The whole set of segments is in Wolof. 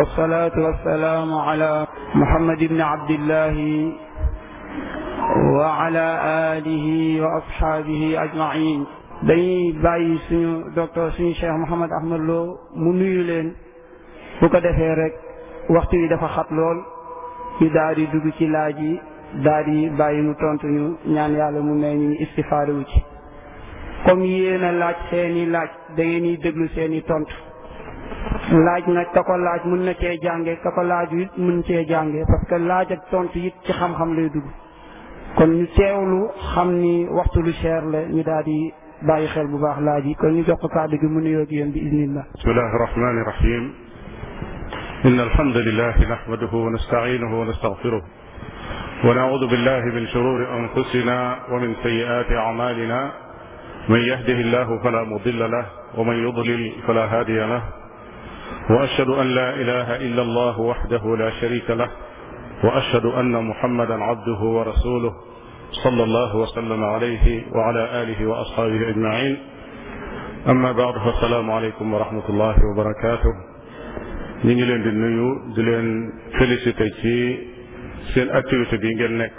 والصلاة والسلام على محمد بن عبد الله وعلى آله وأصحابه أجمعين dañuy bàyyi suñu docteur suñu cheikh Mouhamed Ahmed Lo mu nuyu leen bu ko defee rek waxtu wi dafa xat lool ñu daal di dugg ci laaj yi daal di bàyyi mu tontu ñu ñaan yàlla mu may ñu istifaare wu ci comme yéen a laaj seeni laaj da ngeen di déglu seeni tontu. laaj nag ka ko laaj mun na cee jànge ka ko laaj it mun cee jànge parce que laaj ak tontu it ci xam-xam lay dugg kon ñu teewlu xam ni waxtu lu cher la ñu daal di bàyyi xel bu baax laaj yi kon ñu jox ko kàddu gi mu nuyoo ak yéen bi iznillah bismillahi rahmani rahim inna alhamdulilahi nahmaduhu wa nastainuhu wa nastaghfiruh wa naudu billahi min shururi anfusina wa min sayyiati a'malina man yahdihi llahu fala mudilla lah wa man yudlil fala hadiya lah وأشهد أن لا إله إلا الله وحده لا شريك له وأشهد أن محمدا عبده ورسوله صلى الله وسلم عليه وعلى آله وأصحابه أجمعين أما بعد فالسلام عليكم ورحمة الله وبركاته ñu ngi leen di nuyu di leen félicité ci seen activité bi ngeen nekk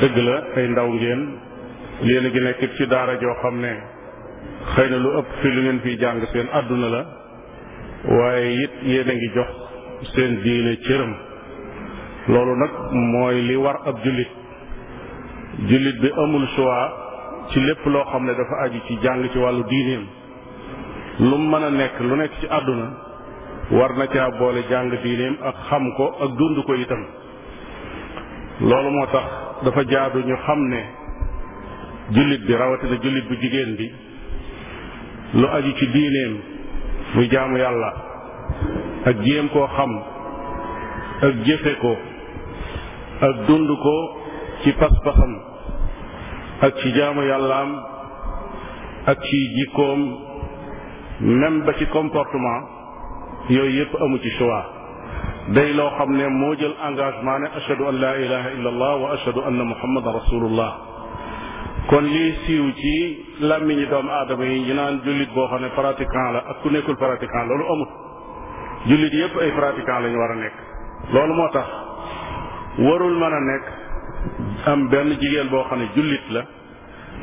dëgg la ay ndaw ngeen leen a ngi nekk ci daara joo xam ne xëy na lu ëpp fi lu ngeen fiy jàng seen àdduna la waaye it yéen a ngi jox seen diine cëram loolu nag mooy li war ab jullit jullit bi amul choix ci lépp loo xam ne dafa aju ci jàng ci wàllu diineem lu mën a nekk lu nekk ci àdduna war na caa boole jàng diineem ak xam ko ak dund ko itam loolu moo tax dafa jaadu ñu xam ne jullit bi rawatina jullit bi jigéen bi lu aju ci diineem muy jaamu yàlla ak jéem koo xam ak jëfe ko ak dund ko ci pas-pasam ak ci jaamu yàllaam ak ci jikkoom même ba ci comportement yooyu yëpp amu ci choix day loo xam ne moo jël engagement ne ashadu an la ilaha illa allah wa ashadu anna muhammadan rasulullah kon lii siiw ci làmmiñi doomu aadama yi ñu naan jullit boo xam ne pratiquant la ak ku nekkul pratiquant loolu amut jullit yépp ay pratiquant la war a nekk loolu moo tax warul mën a nekk am benn jigéen boo xam ne jullit la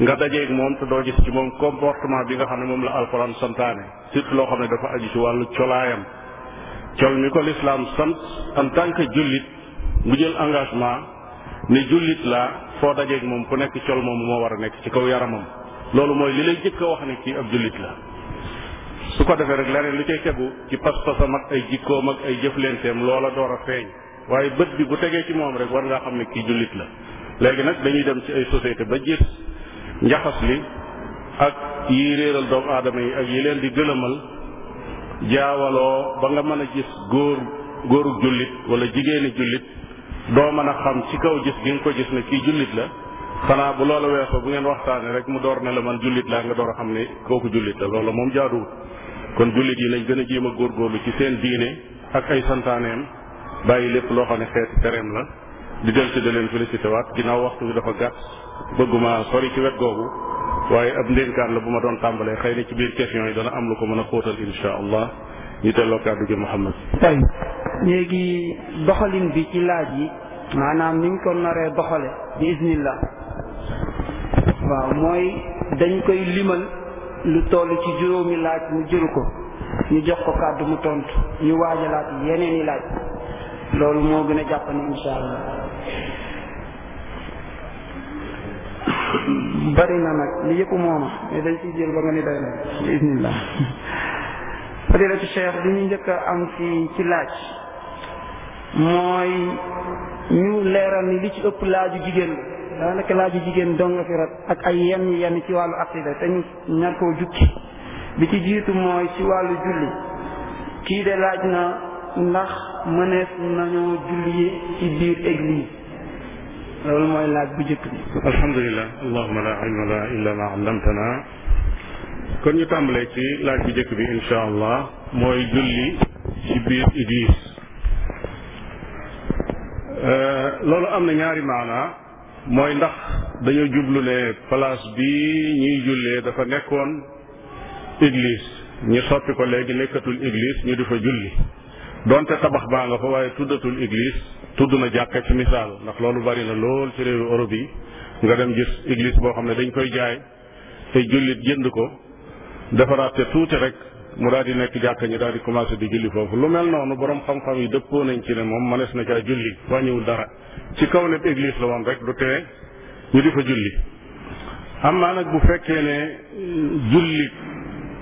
nga dajeeg moom te doo gis ci moom comportement bi nga xam ne moom la alxuraan santaane surtout loo xam ne dafa aju ci wàllu colaayam col mi ko lislaam sant en tant que jullit mu jël engagement ne jullit laa foo dajeeg moom ku nekk col moom moo war a nekk ci kaw yaramam loolu mooy li lay jëkk a wax ne kii ab jullit la su ko defee rek leneen lu cay tegu ci pas-pasam ak ay jikkoom ak ay jëflenteem loola door a feeñ waaye bët bi bu tegee ci moom rek war ngaa xam ne kii jullit la léegi nag dañuy dem ci ay société ba gis njaxas li ak yi réeral doomu aadama yi ak yi leen di gëlëmal jaawaloo ba nga mën a gis góor góoru jullit wala jigéeni jullit doo mën a xam ci kaw gis gi nga ko gis ne kii jullit la xanaa bu loola weesoo bu ngeen waxtaanee rek mu door ne la man jullit laa nga door a xam ne kooku jullit la loola moom jaaduwul kon jullit yi nañ gën a jéem a góorgóorlu ci seen diine ak ay santaaneem bàyyi lépp loo xam ne xeeti tereem la di del si da leen félicité waat ginnaaw waxtu bi dafa gàtt bëgguma sori ci wet googu waaye ab ndénkaan la bu ma doon tàmbalee xëy na ci biir question yi da am lu ko mën a xóotal insha allah ñu telloo kàddu gi Mouhamed. tey léegi doxalin bi ci laaj yi maanaam niñ ko naree doxale bi isnillah waaw mooy dañ koy limal lu toll ci juróomi laaj mu jëru ko ñu jox ko kàddu mu tontu ñu waajalaat yeneen i laaj loolu moo gën a jàppandi insha allah. bari na nag li yëpp mooma mais dañ ciy jël ba nga ni day na bismillah fadilatu cheikh li ñu njëkk a am ci ci laaj mooy ñu leeral ni li ci ëpp laaju jigéen la daanaka laaju jigéen dong nga fi rat ak ay yenn yenn ci wàllu aqida te ñu ñar koo jukki bi ci jiitu mooy ci wàllu julli kii de laaj na ndax mënees nañoo julli ci biir église loolu mooy laaj bu njëkk bi alhamdulilah allahuma la ilma la illa ma allamtana kon ñu tàmbalee ci laaj bu njëkk bi insha allah mooy julli ci biir église euh, loolu am na ñaari maana mooy ndax dañoo jublu ne place bi ñuy jullee dafa nekkoon église ñu soppi ko léegi nekkatul église ñu di fa julli donte tabax baa nga fa waaye tuddatul église tudd na jàkka ci misaal ndax loolu bari na lool ci réewu Europe yi nga dem gis église boo xam ne dañ koy jaay te jullit jënd ko defaraate tuuti rek mu daa di nekk jàkka ñi daal di commencé di julli foofu lu mel noonu borom xam-xam yi dëppoo nañ ci ne moom mënees na caa julli wàññiwul dara ci kaw ne église la woon rek du tee ñu di fa julli am naa nag bu fekkee ne mm, julli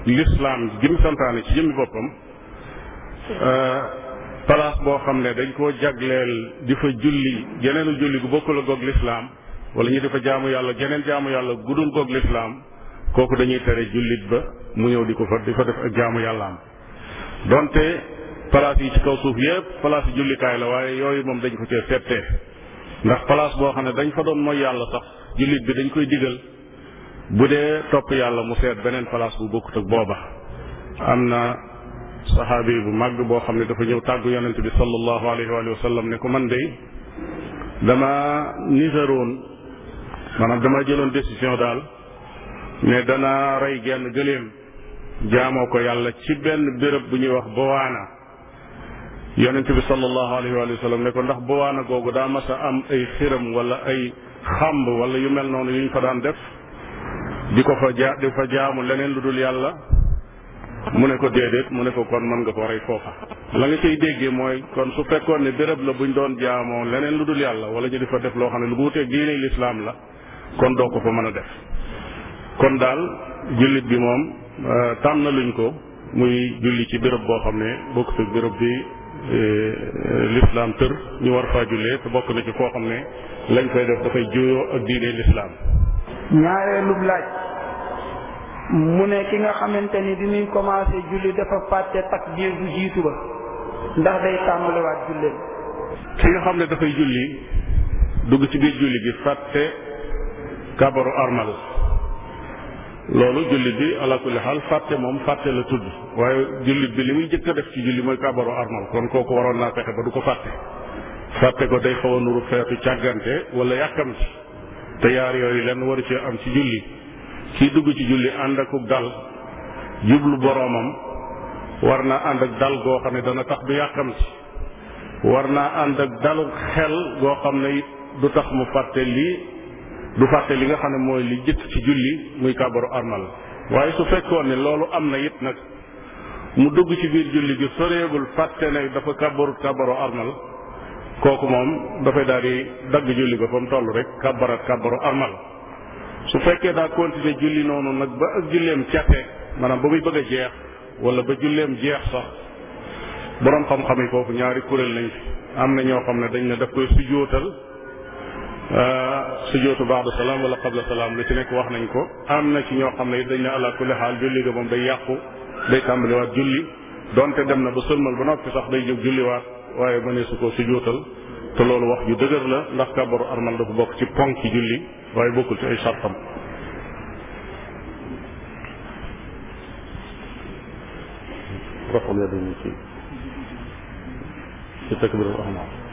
lislaam gi mu santaane ci jëmmi boppam euh, boo xam ne dañ koo jagleel di fa julli geneenu julli gu bokkul a goog lislaam wala ñu di fa jaamu yàlla geneen jaamu yàlla gudul goog lislaam kooku dañuy tere jullit ba mu ñëw di ko fa di fa def ak jaamu am donte place yi ci kaw suuf yépp place jullikaay la waaye yooyu moom dañ ko cee settee ndax place boo xam ne dañ fa doon mooy yàlla sax jullit bi dañ koy digal bu dee topp yàlla mu seet beneen place bu bokkut ak booba am na saxaabi bu màgg boo xam ne dafa ñëw tàggu yonente bi sallallahu alayhi wa sallam ne ko man dey dama nisaroon maanaam damaa jëloon décision daal ne dana rey genn gëléem jaamoo ko yàlla ci benn béréb bu ñuy wax bawaana yonent bi sallallahu alayhi wa sallam ne ko ndax bawaana googu daa mas a am ay xiram wala ay xamb wala yu mel noonu yuñ fa daan def di ko fa ja di fa jaamu leneen lu dul yàlla mu ne ko déedéet mu ne ko kon mën nga ko rey foofa la nga cay déggee mooy kon su fekkoon ne béréb la bu ñu doon jaamoo leneen lu dul yàlla wala ñu di fa def loo xam ne lu wuutee diine lislaam la kon doo ko fa mën a def kon daal jullit bi moom euh, tànn luñ ko muy julli ci béréb boo xam ne bokkut ak béréb bi euh, euh, lislaam tër ñu war faa jullee te bokk na ci foo xam ne lañ koy def dafay juyoo ak diine lislaam ñaareelub laaj mu ne ki nga xamante ni bi muy commencé julli dafa fàtte takbir bu jiitu ba ndax day tàmbaliwaat julleen ki nga xam ne dafay julli dugg ci biir julli gi fàtte kabaru armal loolu jullit bi ala kulli xaal fàtte moom fàtte la tudd waaye jullit bi li muy jëkk a def ci julli mooy kàbbaru armal kon kooku waroon naa fexe ba du ko fàtte fàtte ko day xaw a nuru feetu càggante wala yàkkam ci te yaar yooyu lenn waru ci am ci julli kii dugg ci julli ànd akuk dal jublu boroomam war naa ànd ak dal goo xam ne dana tax du yàkkam war naa ànd ak daluk xel goo xam ne du tax mu fàtte lii du fàtte li nga xam ne mooy li jëkk ci julli muy kàbbaru armal waaye su fekkoon ne loolu am na yit nag mu dugg ci biir julli gi soreegul fàtte ne dafa kàbbarut kàbbaru armal kooku moom dafay daal di dagg julli ba fa mu toll rek kàbbarat kàbbaru armal su fekkee daa continuer julli noonu nag ba ak julleem cate maanaam ba muy bëgg a jeex wala ba julleem jeex sax boroom xam-xam yi foofu ñaari kuréel lañ am na ñoo xam ne dañ ne daf koy sujjóotal Euh, sujootu ba'da salaam wala qabla salaam la ci nekk wax nañ ko am na ci ñoo xam ne dañ na ala kulli xaal julli ga moom day yàqu day tàmbaliwaat julli donte dem na ba sëlmal ba noppi sax day jóg julliwaat waaye mënee ko sujootal te loolu wax ju dëgër la ndax kàbbaru armal dafa bokk ci ponk ci julli waaye bokkul ci ay sartam رفع اليدين في في تكبير الأحمر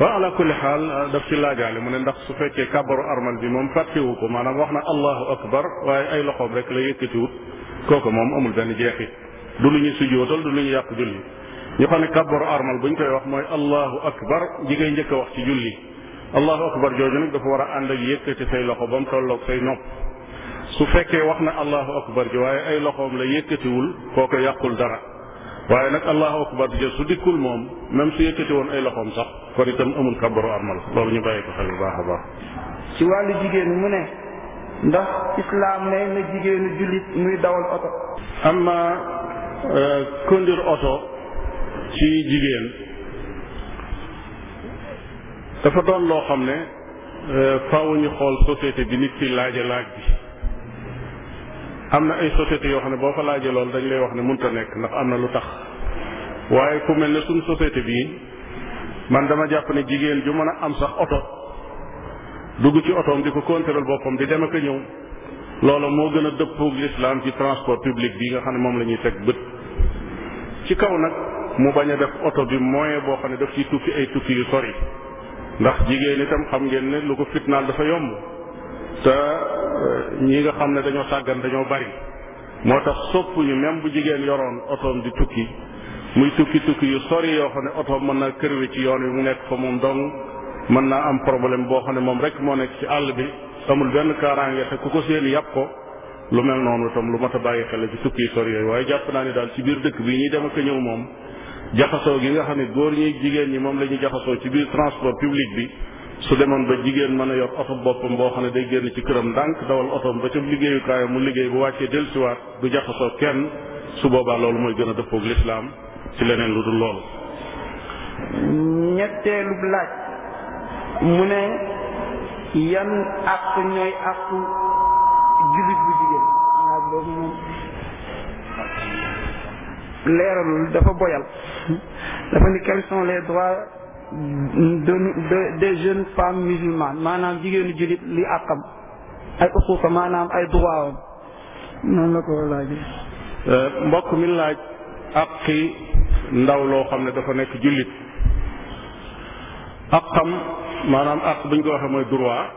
waaw ala kulli xaal daf ci laajaale mu ne ndax su fekkee kàbbaru armal bi moom fàttewu ko maanaam wax na allahu akbar waaye ay loxoom rek la yëkkatiwut kooku moom amul benn jeexit du lu ñuy sujootal du lu ñu yàq julli ñu xam ne kàbbaru armal bu ñu koy wax mooy allahu akbar ji ngay njëkk a wax ci julli allahu akbar jooju nag dafa war a ànd ak yëkkati loxo ba mu tolloog say nopp su fekkee wax na allahu akbar ji waaye ay loxoom la wul ko kooku yàqul dara waaye nag allahu akbar ja su dikkul moom même su yëkkati woon ay loxoom sax kon itam amul kabaru armal loolu ñu bàyyi ko xel bu baax a baax ci wàllu jigéen mu ne ndax islaam may na jigéenu jullit muy dawal oto amma conduire euh, oto ci jigéen dafa doon loo xam ne euh, faaw xool société bi nit ki laaja laaj bi am na ay société yoo xam ne boo fa laajee loolu dañ lay wax ne mënut a nekk ndax am na lu tax waaye ku mel ne suñ société bii man dama jàpp ne jigéen ju mën a am sax oto dugg ci otoom di ko contrôle boppam di dem ak a ñëw loolu moo gën a dëppoog l'islam ci transport public bi nga xam ne moom la ñuy teg bët ci kaw nag mu bañ a def oto bi moyen boo xam ne daf ciy tukki ay tukki yu sori ndax jigéen itam xam ngeen lu ko fitnaal dafa yomb te eh, ñi nga xam ne dañoo sàggan dañoo bari moo tax soppuñu même bu jigéen yoroon otoom di tukki muy tukki tukki yu sori yoo xam ne otoom mën naa kërwe ci yoon wi mu nekk fa moom dong mën naa am problème boo xam ne moom rek moo nekk ci àll bi amul benn kaaraange te ku ko seen yàpp ko lu mel noonu itam lu mat a bàyyi xel ci tukki yu sori yooyu waaye jàpp naa ne daal ci biir dëkk bi ñuy dem ak ñëw moom jaxasoo gi nga xam ne góor ñi jigéen ñi moom la ñuy jaxasoo ci biir transport public bi su demoon ba jigéen mën a yor oto boppam boo xam ne day génn ci këram ndànk dawal otoom ba ca liggéeyukaayam mu liggéey bu wàccee dellusiwaat du jaxasoo kenn su boobaa loolu mooy gën a dëppoog lislaam ci leneen lu dul loolu. ñetteelu laaj mu ne yan àq ñooy àq jullit bu jigéen. leeralul dafa boyal dafa ni quels les droits. de des jeunes femmes musulmanes maanaam jigéenu jullit li àqam ay uquuqa maanaam ay droitam noonu la ko laajee euh, mbokk mi laaj àqi ndaw loo xam ne dafa nekk jullit àqam maanaam àq bu ñu ko waxee mooy droit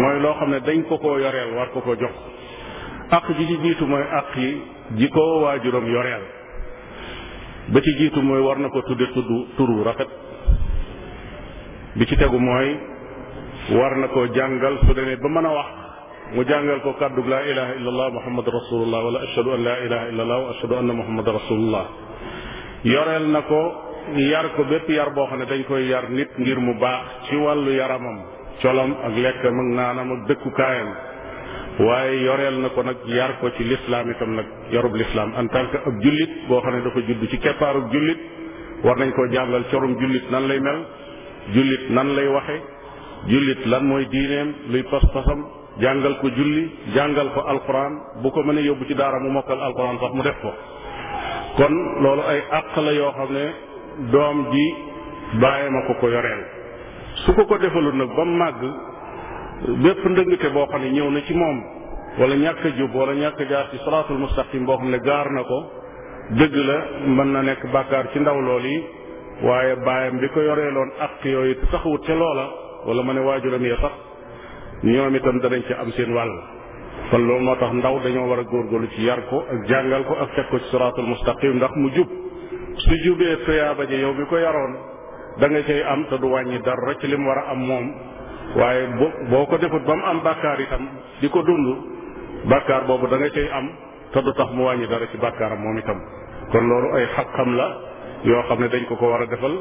mooy loo xam ne dañ ko ko yoreel war ko ko jox àq ji ci jiitu mooy àq yi ji ko waajuram yoreel ba ci jiitu mooy war na ko tudde tudd turu rafet bi ci tegu mooy war na koo jàngal su demee ba mën a wax mu jàngal ko kàddug laa ilaha illallah muhammad rasulullah wala ashhadu an laa ilaha illallah wa ashhadu na ko yar ko bépp yar boo xam ne dañ koy yar ngir mu baax ci wàllu yaramam colom ak lekkam ak naanam ak dëkkukaayam waaye yoreel na ko nag yar ko ci lislaam itam nag yorub lislaam en tant que ab jullit boo xam ne dafa judd ci keppaarub jullit war nañ koo jàngal corum jullit nan lay mel jullit nan lay waxe jullit lan mooy diineem luy pas-pasam jàngal ko julli jàngal ko alquran bu ko mënee yóbbu ci daara mu mokkal alquran sax mu def ko kon loolu ay àq la yoo xam ne doom ji bàyyi ma ko ko yoreel su ko ko defalul nag ba màgg bépp ndëngte boo xam ne ñëw na ci moom wala ñàkk a jub wala ñàkk jaar ci salaatul mustaqim boo xam ne gaar na ko dëgg la mën na nekk bàkkaar ci ndaw lool yi waaye baayam bi ko yoree loon ak yooyu te taxawut ca loola wala ma ne waajuram ya sax ñoom itam danañ ci am seen wàll kon loolu moo tax ndaw dañoo war a góorgóorlu ci yar ko ak jàngal ko ak teg ko ci siraatul mustaqim ndax mu jub su jubee tuyaaba ji yow bi ko yaroon danga nga cay am te du wàññi dara ci mu war a am moom waaye boo ko defut ba mu am bàkkaar itam di ko dund bàkkaar boobu da nga cay am te du tax mu wàññi dara ci bàkkaaram moom itam kon loolu ay xam la yoo xam ne dañ ko ko war a defal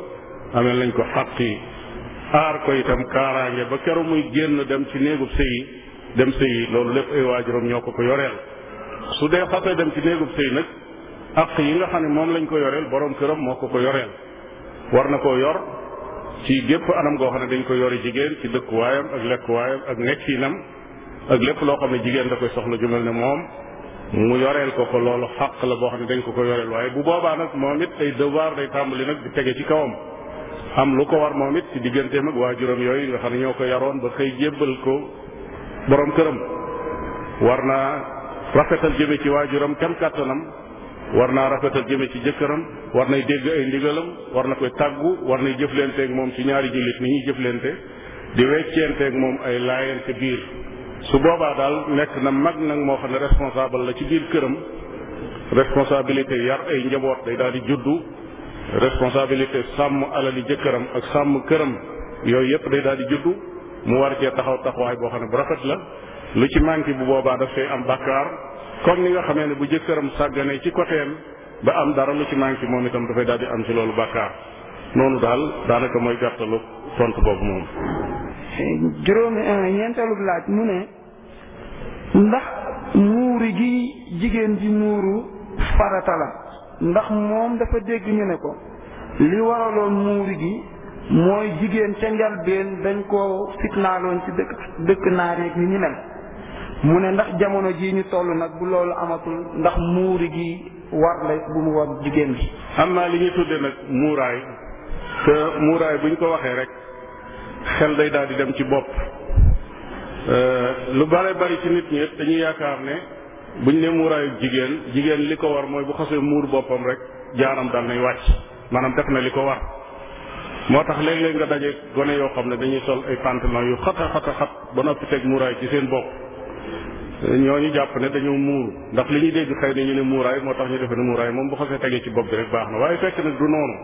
ameel lañ ko xàq yi aar ko itam kaaraange ba keroog muy génn dem ci néegub sëy dem sëy loolu lépp ay waajuram ñoo ko ko yoreel su dee xasee dem ci néegub sëy nag àq yi nga xam ne moom lañ ko yoreel boroom këram moo ko ko yoreel war na koo yor ci gépp anam goo xam ne dañ ko yori jigéen ci dëkkuwaayam ak lekkuwaayam ak nam ak lépp loo xam ne jigéen da koy soxla jumal mel ne moom mu yoreel ko ko loolu xaq la boo xam ne dañ ko ko yoreel waaye bu boobaa nag moom it ay devoir day tàmbali nag di tege ci kawam am lu ko war moom it ci digganteem ak waajuram yooyu nga xam ne ñoo ko yaroon ba xëy jébbal ko borom këram war naa rafetal jëme ci waajuram kam kàttanam war naa rafetal jëme ci jëkkëram war nay dégg ay ndigalam war na koy tàggu war nay jëfleenteeg moom ci ñaari jullit ni ñuy jëflente di weccenteeg moom ay laayante biir su boobaa daal nekk na mag nag moo xam ne responsable la ci biir këram responsabilité yar ay njaboot day daal di juddu responsabilité sàmm alali jëkkëram ak sàmm këram yooyu yëpp day daal di juddu mu war cee taxaw taxawaay boo xam ne bu rafet la lu ci manqué bu boobaa dafay am bàkkaar comme ni nga xamee ne bu jëkkëram sàgganee ci côtéem ba am dara lu ci manqué moom itam dafay daal di am ci loolu bàkkaar noonu daal daanaka mooy gàttalu tontu boobu moom juróomi ñeenteelu laaj mu ne ndax muuru gi jigéen ji muuru parata la ndax moom dafa dégg ñu ne ko li waraloon muuru gi mooy jigéen ca njalbeen dañ koo fitnaaloon ci dëkk dëkk naar yeeg ni ñu mel mu ne ndax jamono jii ñu toll nag bu loolu amatul ndax muuru gi war la bu mu war jigéen bi. am naa li ñuy tudde nag muuraay muuraay bu ñu ko waxee rek. xel day daal di dem ci bopp euh, lu bare bari ci nit ñi dañuy yaakaar ne bu ñu ne muuraayu jigéen jigéen li ko war mooy bu xasee muur boppam rek jaanam dal nay wàcc maanaam def na li ko war moo tax léeg-léeg nga daje gone yoo xam ne dañuy sol ay pantalon yu xata xata xat ba noppi teg muuraay ci seen bopp ñu jàpp ne dañoo muuru ndax li ñu dégg xëy na ñu ne muuraay moo tax ñu defe ne muuraay moom bu xasee tegee ci bopp bi rek baax na waaye fekk na du noonu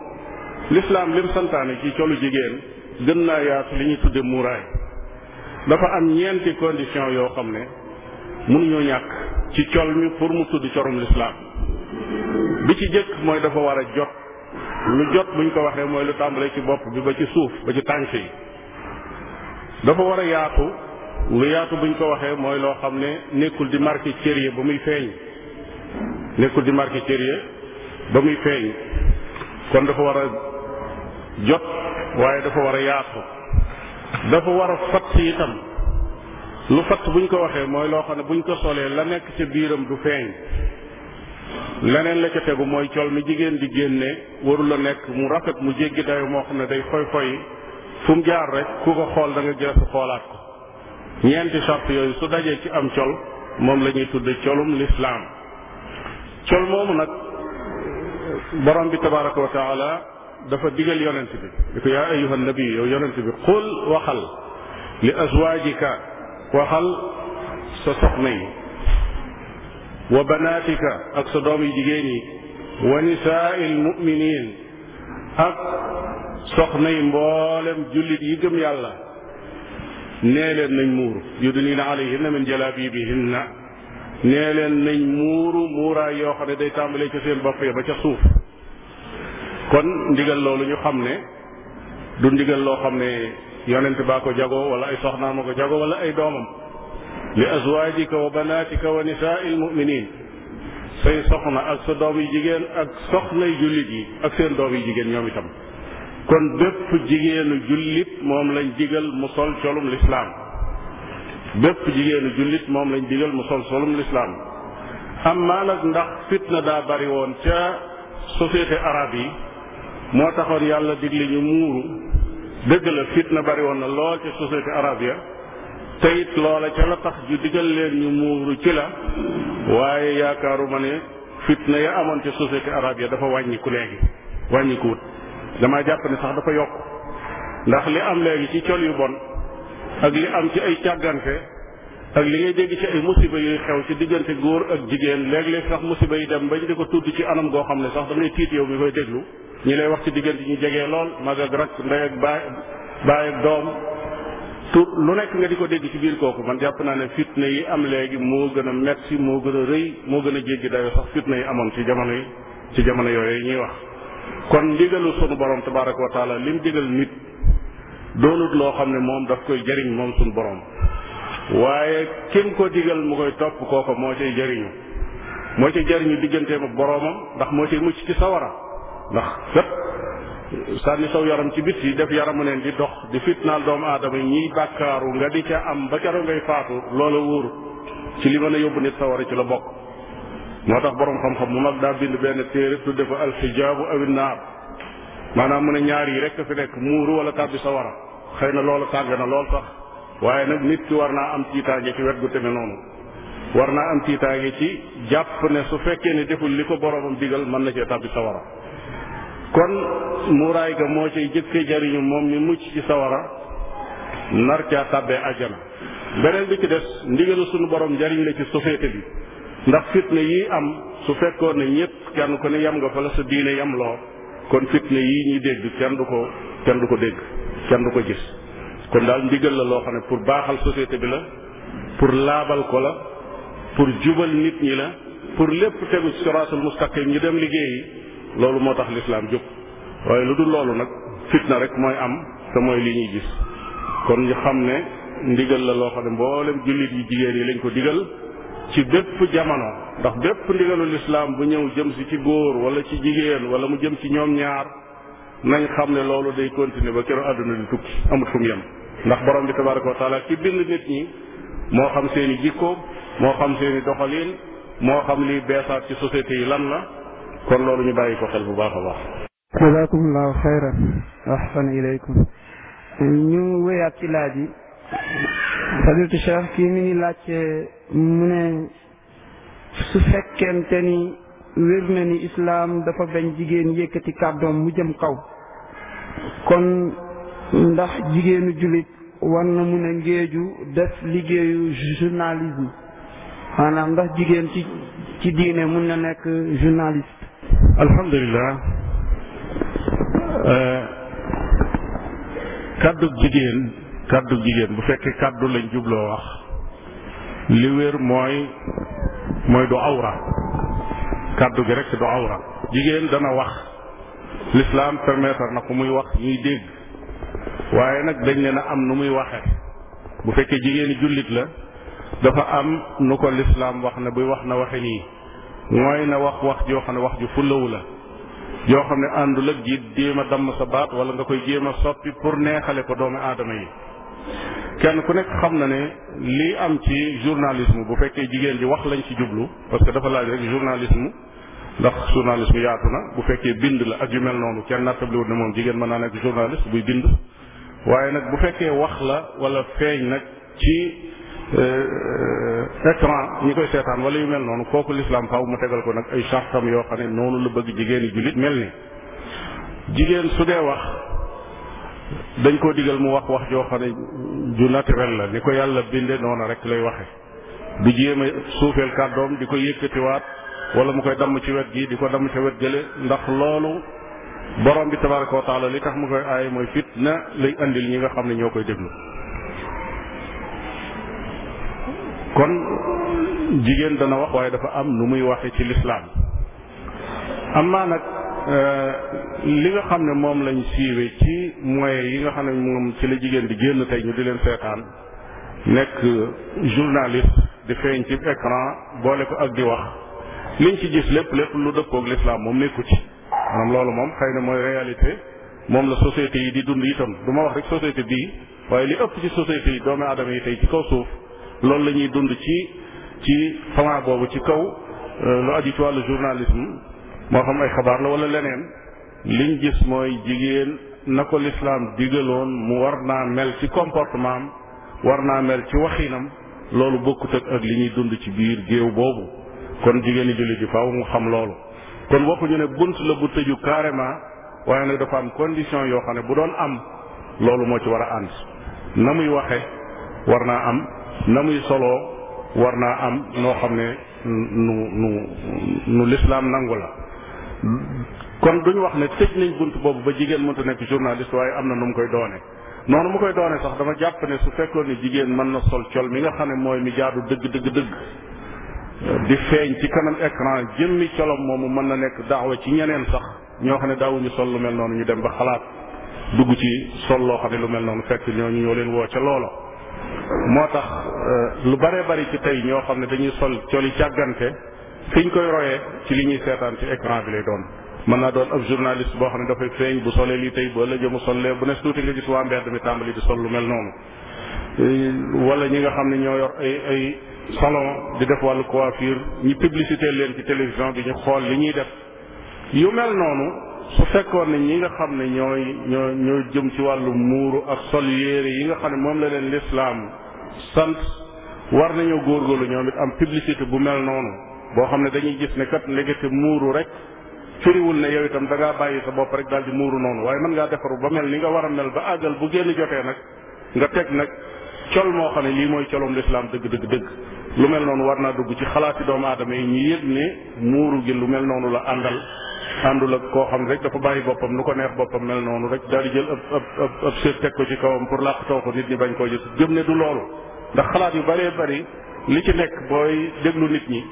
lislaam lim santaane ci colu jigéen gën naa yaatu li ñu tudde muuraay dafa am ñeenti condition yoo xam ne mënuñoo ñàkk ci col mi pour mu tudd corum lislaam bi ci jëkk mooy dafa war a jot lu jot buñ ko waxee mooy lu tàmbalee ci bopp bi ba ci suuf ba ci tànk yi dafa war a yaatu lu yaatu buñ ko waxee mooy loo xam ne nekkul di marqué cérier ba muy feeñ nekkul di marqué cérier ba muy feeñ kon dafa war a jot waaye dafa war a yaatu dafa war a fatt itam lu fatt buñ ko waxee mooy loo xam ne bu ñu ko solee la nekk ca biiram du feeñ leneen la ca tegu mooy col mi jigéen di génne warul a nekk mu rafet mu jéggi dayo moo xam ne day foy foy fu mu jaar rek ku ko xool da nga geesu xoolaat ko ñeenti charte yooyu su dajee ci am col moom lañuy ñuy tudde colum lislaam col moomu nag borom bi tabaraka wa taala dafa digal yonent bi di ko yaa ayuha nabi yow qul waxal li azwaajika waxal sa soxna wa banaatika ak sa doom yi wa nisaa'il mu'miniin ak soxna yi mboolem jullit yi gëm yàlla nee leen nañ muuru yudniina alayhinna min jalaabibihinna nee leen nañ muuru muuraa yoo xam ne day tàmbalee ca seen bopp ya ba ca suuf kon ndigal loolu ñu xam ne du ndigal loo xam ne yonent baa ko jagoo wala ay soxnaama ko jago wala ay doomam li azwaajika wa banaatika kaw nisaa'il mu'miniin say soxna ak sa doom yu jigéen ak soxnay jullit yi ak seen doom yu jigéen ñoom itam kon bépp jigéenu jullit moom lañ digal mu sol colum lislaam bépp jigéenu jullit moom lañ digal mu sol colum lislaam am maa nag ndax fitna daa bari woon ca société arabe yi moo taxoon yàlla digle ñu muuru dëgg la fitna bari woon na lool ci société arabe ya te loola ca la tax ju digal leen ñu muuru ci la waaye yaakaaruma ne fitna ya amoon ci société arabe ya dafa wàññiku léegi wàññiku wut dama jàpp ne sax dafa yokk ndax li am léegi ci col yu bon ak li am ci ay càggante ak li ngay dégg ci ay musiba yuy xew ci diggante góor ak jigéen léeg-léeg sax musiba yi dem bañ di ko tudd ci anam goo xam ne sax damay tiit yow mi koy déglu ñi lay wax ci diggante ñu jegee lool mag ak rak ndey ak baay ak doom tu lu nekk nga di ko dégg ci biir kooku man jàpp naa ne fitna yi am léegi moo gën a metti moo gën a rëy moo gën a jéggi dayo sax fitna yi amoon ci jamono yi ci jamono yooyu ñuy wax kon ndigalu sunu borom tabaraka wa taala lim digal nit doonut loo xam ne moom daf koy jariñ moom sunu borom waaye kim ko digal mu koy topp kooko moo ci jëriñu moo ci jëriñu digganteem ak boroomam ndax moo ci mucc ci sawara ndax fépp sànni saw yaram ci bit yi def yaram yaramu neen di dox di naa doomu aadama yi ñiy bàkkaaru nga di ca am ba keroog ngay faatu loola wóoru ci li mën a yóbbu nit sawara ci la bokk moo tax boroom xam-xam mu mag daa bind benn téere tudde ko alxijaabu awi naar maanaam mu ne ñaar yi rek a fi nekk muuru wala tàbbi sawara xëy na loolu tàng na lool sax waaye nag nit ki war naa am tiitaange ci wet gu teme noonu war naa am tiitaange ci jàpp ne su fekkee ne deful li ko boromam digal mën na cee tàbbi sawara kon muuraay ga moo ci jëkke jariñu moom mi mucc ci sawara nar caa tàbbee ajjana beneen bi ci des ndigalu sunu borom njariñ la ci société bi ndax fitne yi am su fekkoon ne ñépp kenn ko ne yem nga fa la sa diine yem loo kon fitne yi ñuy dégg kenn du ko kenn du ko dégg kenn du ko gis kon daal ndigal la loo xam ne pour baaxal société bi la pour laabal ko la pour jubal nit ñi la pour lépp tegu siraatul mustaqim ñu dem liggéeyi loolu moo tax lislaam jóg waaye lu dul loolu nag fit na rek mooy am te mooy li ñuy gis kon ñu xam ne ndigal la loo xam ne mboolem jullit yi jigéen yi lañ ko digal ci bépp jamono ndax bépp ndigalu lislaam bu ñëw jëm si ci góor wala ci jigéen wala mu jëm ci ñoom ñaar nañ xam ne loolu day continuer ba keroog àdduna di tukki amut fu ndax borom bi tabaraka wa taala ci bind nit ñi moo xam seeni i moo xam seen i doxalin moo xam liy beesaat ci société yi lan la kon loolu ñu bàyyi ko xel bu baax a baax jazakumullahu xayran ahsan ilaykum ñu wéyaat ci laaj yi fadilatu cheikh kii mi ngi laajte mu ne su fekkente ni wér na ni islaam dafa bañ jigéen yëkkati kàddoom mu jëm kaw kon ndax jigéenu jullit war na mu ne ngéeju def liggéeyu journalisme maanaam ndax jigéen ci ci diine mun na nekk journaliste. alhamdulilah euh, kàddu jigéen kàddu jigéen bu fekkee kàddu lañ jubloo wax li wér mooy mooy du awra kàddu gi rek du awra jigéen dana wax l'islam permettre na ko muy wax ñuy dégg. waaye nag dañ ne na am nu muy waxe bu fekkee jigéeni jullit la dafa am nu ko lislaam wax ne buy wax na waxe nii mooy na wax wax joo xam ne wax ju fullawu la joo xam ne àndul ak ji jéem a damm sa baat wala nga koy jéem a soppi pour neexale ko doomu aadama yi kenn ku nekk na ne lii am ci journalisme bu fekkee jigéen ji wax lañ ci jublu parce que dafa laaj rek journalisme ndax journalisme yaatu na bu fekkee bind la ak yu mel noonu kenn nattabli wut ne moom jigéen mën naa nekk journaliste buy bind waaye nag bu fekkee wax la wala feeñ nag ci euh, euh, écran ñi koy seetaan wala yu mel noonu kooku lislaam xaw mu tegal ko nag ay sartam yoo xam ne noonu la bëgg jigéeni jullit mel ni jigéen su dee wax dañ koo digal mu wax wax joo xam ne ju naturel la ni ko yàlla binde noonu rek lay waxe du jéem a suufeel kàddoom di ko yëkkatiwaat wala mu koy damm ci wet gi di ko damm ca wet gële ndax loolu borom bi tabaraka wa taala li tax mu koy aaye mooy fitna lay andil ñi nga xam ne ñoo koy déglu kon jigéen dana wax waaye dafa am nu muy waxe ci lislaam amaa nag euh, li nga xam ne moom lañ siiwe ci moyens yi nga xam ne moom ci la jigéen di génn tey ñu di leen seetaan nekk journaliste di feeñ ci écran boole ko ak di wax liñ ci gis lépp lépp lu dëppoog lislaam moom nekku ci maanaam loolu moom xëy na mooy réalité moom la société yi di dund itam du ma wax rek société bii waaye li ëpp ci société yi doomu aadama yi tey ci kaw suuf loolu la ñuy dund ci ci famaa boobu ci kaw euh, lu aju ci wàllu journalisme moo xam ay xabaar la wala leneen liñ gis mooy jigéen na ko lislaam digaloon mu war naa mel ci comportement am war naa mel ci waxinam loolu bokkut ak ak li ñuy dund ci biir géew boobu kon jigéeni jullit yi faaw mu xam loolu kon waxuñu ne bunt la bu tëju carrément waaye nag dafa am condition yoo xam ne bu doon am loolu moo ci war a ànd na muy waxe war naa am na muy soloo war naa am noo xam ne nu nu nu lislaam nangu la kon duñu wax ne tëj nañ bunt boobu ba jigéen mënta nekk journaliste waaye am na nu mu koy doone noonu mu koy doone sax dama jàpp ne su fekkoon ne jigéen mën na sol col mi nga xam ne mooy mi jaadu dëgg dëgg dëgg di feeñ ci kanam écran jëmmi colom moomu mën na nekk daawa ci ñeneen sax ñoo xam ne daawuñu sol lu mel noonu ñu dem ba xalaat dugg ci sol loo xam ne lu mel noonu fekk ñooñu ñoo leen woo ca loola moo tax euh, lu bare bari ci tey ñoo xam ne dañuy sol coli fi ñu koy royee ci li ñuy seetaan ci écran bi lay doon mën naa doon ab journaliste boo xam ne dafay feeñ bu solee lii tey bu ëllëgee mu sollee bu ne tuuti nga gis waa mbedd mi tàmbali di sol lu mel noonu euh, wala ñi nga xam ne ñoo yor ay ay salon di def wàllu coiffure ñu publicité leen ci télévision bi ñu xool li ñuy def yu mel noonu su fekkoon ne ñi nga xam ne ñooy ñoo ñoo jëm ci wàllu muuru ak sol yére yi nga xam ne moom la leen lislaam sant war nañoo góorgóorlu ñoom it am publicité bu mel noonu boo xam ne dañuy gis ne kat ndekete muuru rek firiwul ne yow itam da ngaa bàyyi sa bopp rek daal di muuru noonu waaye mën ngaa defaru ba mel ni nga war a mel ba àggal bu génn jotee nag nga teg nag col moo xam ne lii mooy colum lislaam dëgg dëgg dëgg lu mel noonu war naa dugg ci xalaati doomu aadama yi ñu yëg ne muuru gi lu mel noonu la àndal àndul ak koo xam rek dafa bàyyi boppam lu ko neex boppam mel noonu rek daal di jël ab ab ab séet teg ko ci kawam pour làqtoo ko nit ñi bañ koo gis gëm ne du loolu ndax xalaat yu bëree bëri li ci nekk booy déglu nit ñi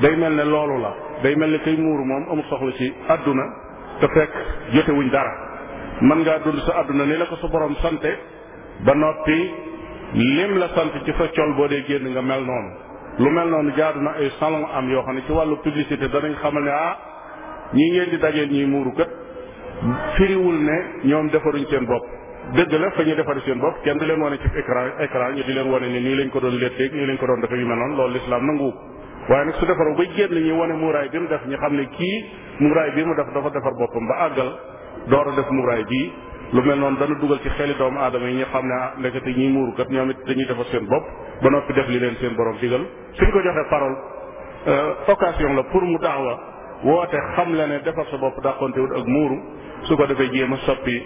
day mel ne loolu la day mel ne kay muuru moom amul soxla ci àdduna te fekk jotewuñ dara mën ngaa dund sa àdduna ni la ko sa borom sante ba noppi lim la sant ci sa col boo dee génn nga mel noonu lu mel noonu jaadu na ay salon am yoo xam ne ci wàllu publicité danañ xamal ne ah ñi ngeen di dajee ñuy muuru kat firiwul ne ñoom defaruñ seen bopp dëgg la fa ñuy defar seen bopp kenn du leen wane ci écran écran ñu di leen wane ni nii lañ ko doon létteeg nii lañ ko doon defee yu mel noonu loolu lislaam nangu waaye nag su defaroo bay génn ñi wane muuraay bi mu def ñi xam ne kii muuraay bi mu def dafa defar boppam ba àggal door a def muuraay bii lu mel noonu dana dugal ci xeli doomu aadama yi ñu xam ne ah ndekete ñi muuru kat ñoom it dañuy defal seen bopp ba noppi def li leen seen borom digal suñ ko joxee parole euh, occasion la pour mu daawa woote xam la ne defal sa bopp dàqontewut ak muuru su ko defee jéem a soppi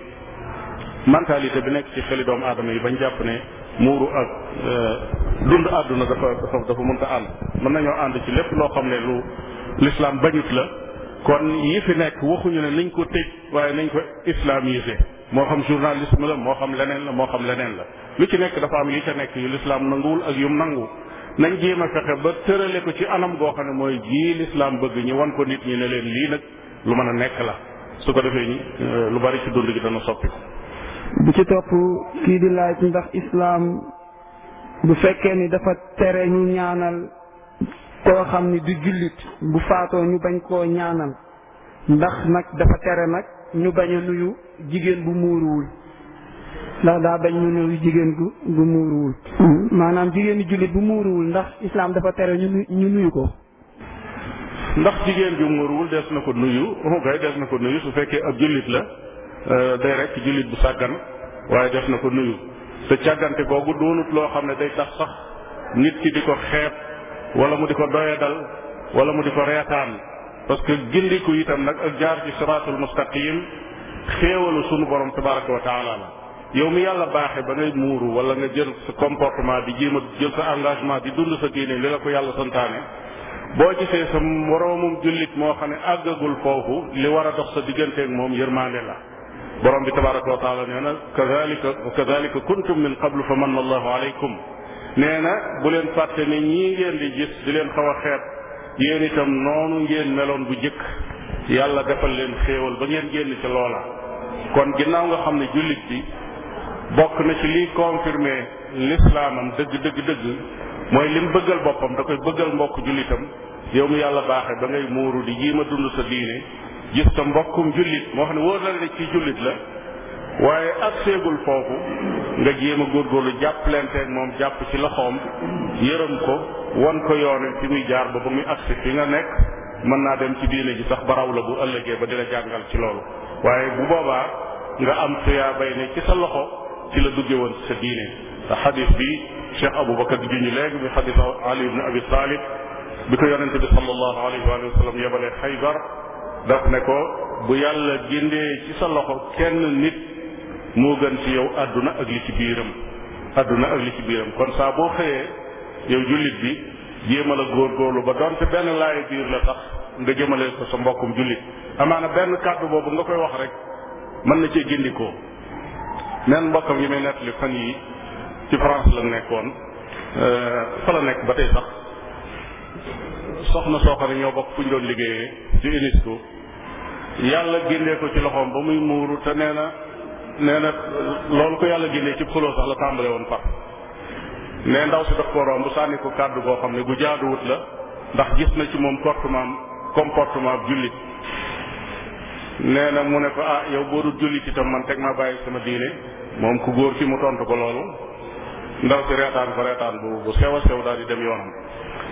mentalité bi nekk ci xeli doomu aadama yi bañ jàpp ne muuru ak euh, dund àdduna dafa dafa dafa mënta ànd mën nañoo ànd ci lépp loo xam ne lu l'islam bañut la kon yi fi nekk waxuñu ne nañ ko tëj waaye nañ ko islamisé moo xam journalisme la moo xam leneen la moo xam leneen la lu ci nekk dafa am yi ca nekk yu lislaam nanguwul ak yum nangu nañ jéem a fexe ba tërale ko ci anam goo xam ne mooy jii lislaam bëgg ñu wan ko nit ñi ne leen lii nag lu mën a nekk la su ko defee euh, lu bari ci dund gi dana soppi ko bu ci topp kii di laaj ndax islaam bu fekkee ni dafa tere ñu ñaanal koo xam ni di jullit bu faatoo ñu bañ koo ñaanal ndax nag dafa tere nag ñu bañ a nuyu jigéen bu muuruwul ndax daa bañ ñu nuyu jigéen gu gu muuruwul maanaam jigéenu jullit bu muuruwul ndax islaam dafa tere ñu ñu nuyu ko ndax jigéen ju muuruwul des na ko nuyu kay des na ko nuyu su fekkee ab jullit la euh, day rekk jullit bu sàggan waaye des na ko nuyu te càggante googu doonut loo xam ne day tax sax nit ki di ko xeet wala mu di ko doyadal wala mu di ko reetaan parce que gindiku itam nag a jaar ci siraatul mustaqim xéewalu sunu borom tabaraka wa taala la yow mi yàlla baaxe ba ngay muuru wala nga jël sa comportement di jéem a engagement di dund sa diine li ko yàlla santaane boo gisee sa moroomum jullit moo xam ne àggagul foofu li war a dox sa digganteeg moom yërmaande la borom bi tabaraka wa taala nee kuntum min qablu fa manna allahu alaykum nee na bu leen fàtte ne ñii ngeen di gis di leen xaw a yéen itam noonu ngeen meloon bu jëkk yàlla defal leen xéewal ba ngeen génn ci loola kon ginnaaw nga xam ne jullit bi bokk na ci liy confirmer lislaamam dëgg dëgg dëgg mooy lim bëggal boppam da koy bëggal mbokk jullitam yow mu yàlla baaxe ba ngay muuru di jiima dund sa diine gis sa mbokkum jullit moo xam ne wóor na ne ci jullit la waaye ak seegul foofu nga jéem a góorgóorlu jàppalanteeg moom jàpp ci loxoom yërëm ko wan ko yoone fi muy jaar ba ba muy agsi fi nga nekk mën naa dem ci diine ji sax baraw la bu ëllëgee ba di jàngal ci loolu waaye bu boobaa nga am tuyaa bay ne ci sa loxo ci la dugge woon ci sa diine te xadis bi cheikh aboubacar di ñu léegi muy xadis ali ibn abi talib bi ko yonente bi sallallahu alayhi wa sallam yebalee xaybar daf ne ko bu yàlla gindee ci sa loxo kenn nit moo gën ci yow àdduna ak li ci biiram àdduna ak li ci biiram kon saa boo xëyee yow jullit bi jéemal a góorgóorlu ba doonte benn laay biir la tax nga jëmalee ko sa mbokkum jullit amaana benn kàddu boobu nga koy wax rek mën na cee gindikoo neen mbokkam yi may nettali fan yi ci France la nekkoon euh, fa la nekk ba tey sax soxna soo xam ne ñoo bokk fu ñu doon liggéeyee ci UNESCO yàlla gindee ko ci loxoom ba muy muuru te nee na nee na loolu ko yàlla génnee ci xuloo sax la tàmbale woon far ne ndaw si daf ko romb sànni ko kàddu goo xam ne gu jaaduwut la ndax gis na ci moom comportement comportement jullit nee mu ne ko ah yow boo dul jullit itam man teg ma bàyyi sama diine moom ku góor ci mu tontu ko loolu ndaw si reetaan ko reetaan bu bu sew sew daal di dem yoonam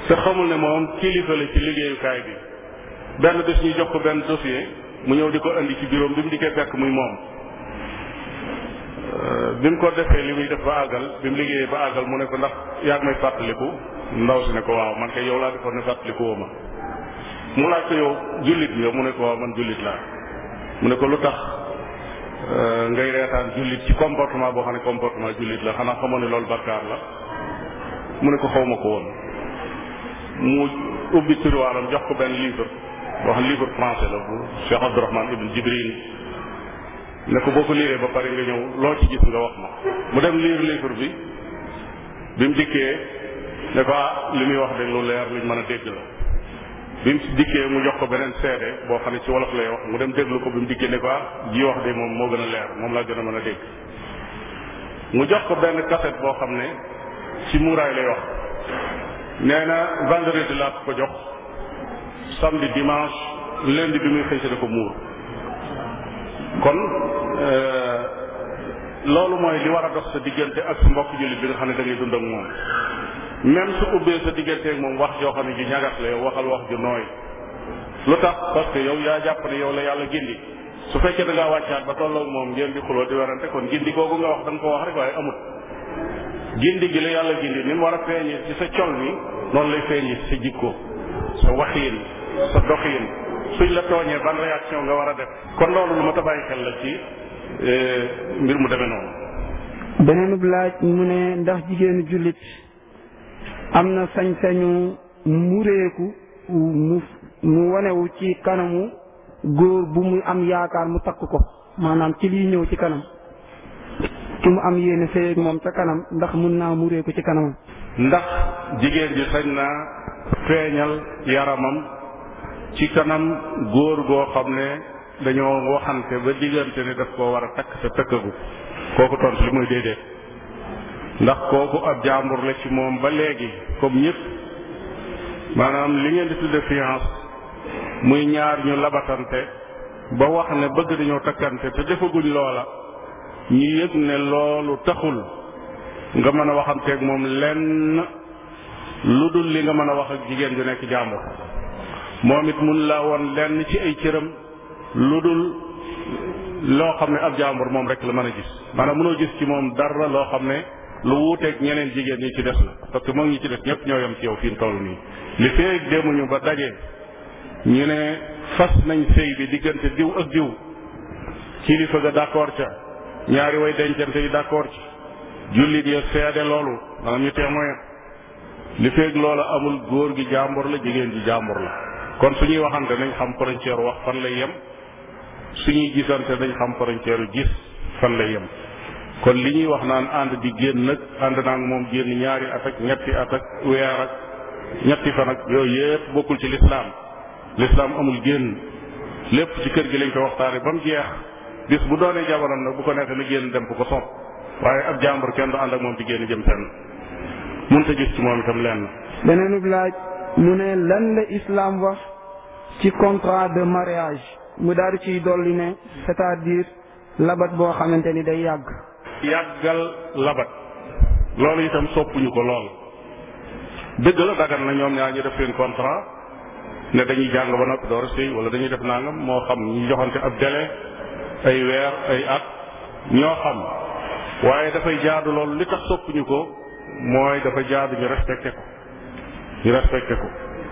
te xamul ne moom kilifa la ci liggéeyukaay bi benn bés ñu jox ko benn dossier mu ñëw di ko indi ci bureau bi mu dikkee fekk muy moom bi mu ko defee li muy def ba àggal bi mu liggéeyee ba àggal mu ne ko ndax yaa ngi may fàttaliku ndaw si ne ko waaw man kay yow laa defoon ne fàttaliku woo ma mu laaj ko yow jullit nga mu ne ko waaw man jullit laa mu ne ko lu tax euh, ngay reetaan jullit boo xam ne comportement jullit la xanaa xamoon ne loolu bakkaar la mu ne ko xaw ma ko woon mu ubbi tiroiram jox ko benn livre boo xam livre français la bu Cheikh Abdourahmane Ibn Jibril ne ko boo ko liiree ba pare nga ñëw loo ci gis nga wax ma mu dem liir livre bi bi mu dikkee ne ko ah li muy wax de leer luñ mën a dégg la bi mu dikkee mu jox ko beneen seede boo xam ne ci wolof lay wax mu dem déglu ko bi mu dikkee ne ko ah ji wax de moom moo gën a leer moom laa gën a mën a dégg mu jox ko benn cassette boo xam ne ci muuraay lay wax nee na vendredi laa ko jox samedi dimanche lundi bi muy xëy si da ko muur kon Euh, loolu mooy li war a dox sa diggante ak sa mbokk jullit bi nga xam ne da ngay dund ak moom même su ubbee sa digganteeg moom wax joo xam ne ji ñagas la yow waxal wax ju nooy lu tax parce que yow yaa jàpp ne yow la yàlla gindi su fekkee da ngaa wàccaat ba tolloog moom ngeen di xuloo di werante kon gindi googu nga wax da ko wax rek waaye amut gindi gi la yàlla gindi ni mu war a feeñee ci sa col mi noonu lay feeñee ci sa jikko sa waxiin sa doxiin suñ la tooñee ban réaction nga war a def Eh, mbir mu demee noonu. beneenub laaj mu ne ndax jigéenu jullit am na sañ-sañu mureeku mu mu wanewu ci kanamu góor bu mu am yaakaar mu takk ko maanaam ci liy ñëw ci kanam ci mu am yéene sëyeeg moom ca kanam ndax mun naa mureeku ci kanamam. ndax jigéen ji sañ naa feeñal yaramam ci kanam góor goo xam ne dañoo waxante ba diggante ne daf koo war a takk sa tëkkagu kooku tontu li muy déedéet ndax kooku ab jàmbur la ci moom ba léegi comme ñëpp maanaam li ngeen di tudde fiance muy ñaar ñu labatante ba wax ne bëgg dañoo takkante te defaguñ loola ñu yëg ne loolu taxul nga mën a waxanteeg moom lenn lu dul li nga mën a wax ak jigéen ju nekk jàmbur moom it mun laa woon lenn ci ay cëram lu dul loo xam ne ab jaambur moom rek la mën a gis maanaam mënoo gis ci moom dara loo xam ne lu wuuteeg ñeneen jigéen ñi ci des la parce que moom ñi ci des ñëpp ñoo yem ci yow fi mu toll nii li feeg demuñu ba daje ñu ne fas nañ sëy bi diggante diw ak diw kilifa ga d'accord ca ñaari woy dencante yi d'accord ci jullit ya seede loolu maanaam ñu témoin li feeg loola amul góor gi jàmbur la jigéen ji jàmbur la kon suñuy waxante nañ xam frontière wax fan lay yem suñuy gisante dañ xam frontière gis fan la yem kon li ñuy wax naan ànd di génn nag ànd naa moom génn ñaari at ak ñetti at ak weer ak ñetti fan ak yooyu yépp bokkul ci lislaam lislaam amul génn lépp ci kër gi lañ ko waxtaane ba mu jeex bis bu doonee jabaram nag bu ko neexee na génn dem bu ko sopp waaye ab jàmbur kenn du ànd ak moom di génn jëm fenn mënta gis ci moom itam lenn. beneenub laaj mu ne lan la islam wax ci contrat de mariage. mu daal di ciy dolli ne cest à labat boo xamante ni day yàgg. yàggal labat loolu itam soppuñu ko lool dëgg la daggan na ñoom ñaa ñu def seen contrat ne dañuy jàng ba noppi door sëy wala dañuy def nangam moo xam ñu joxante ab délai ay weer ay at ñoo xam waaye dafay jaadu loolu li tax soppuñu ko mooy dafa jaadu ñu respecté ko ñu respecté ko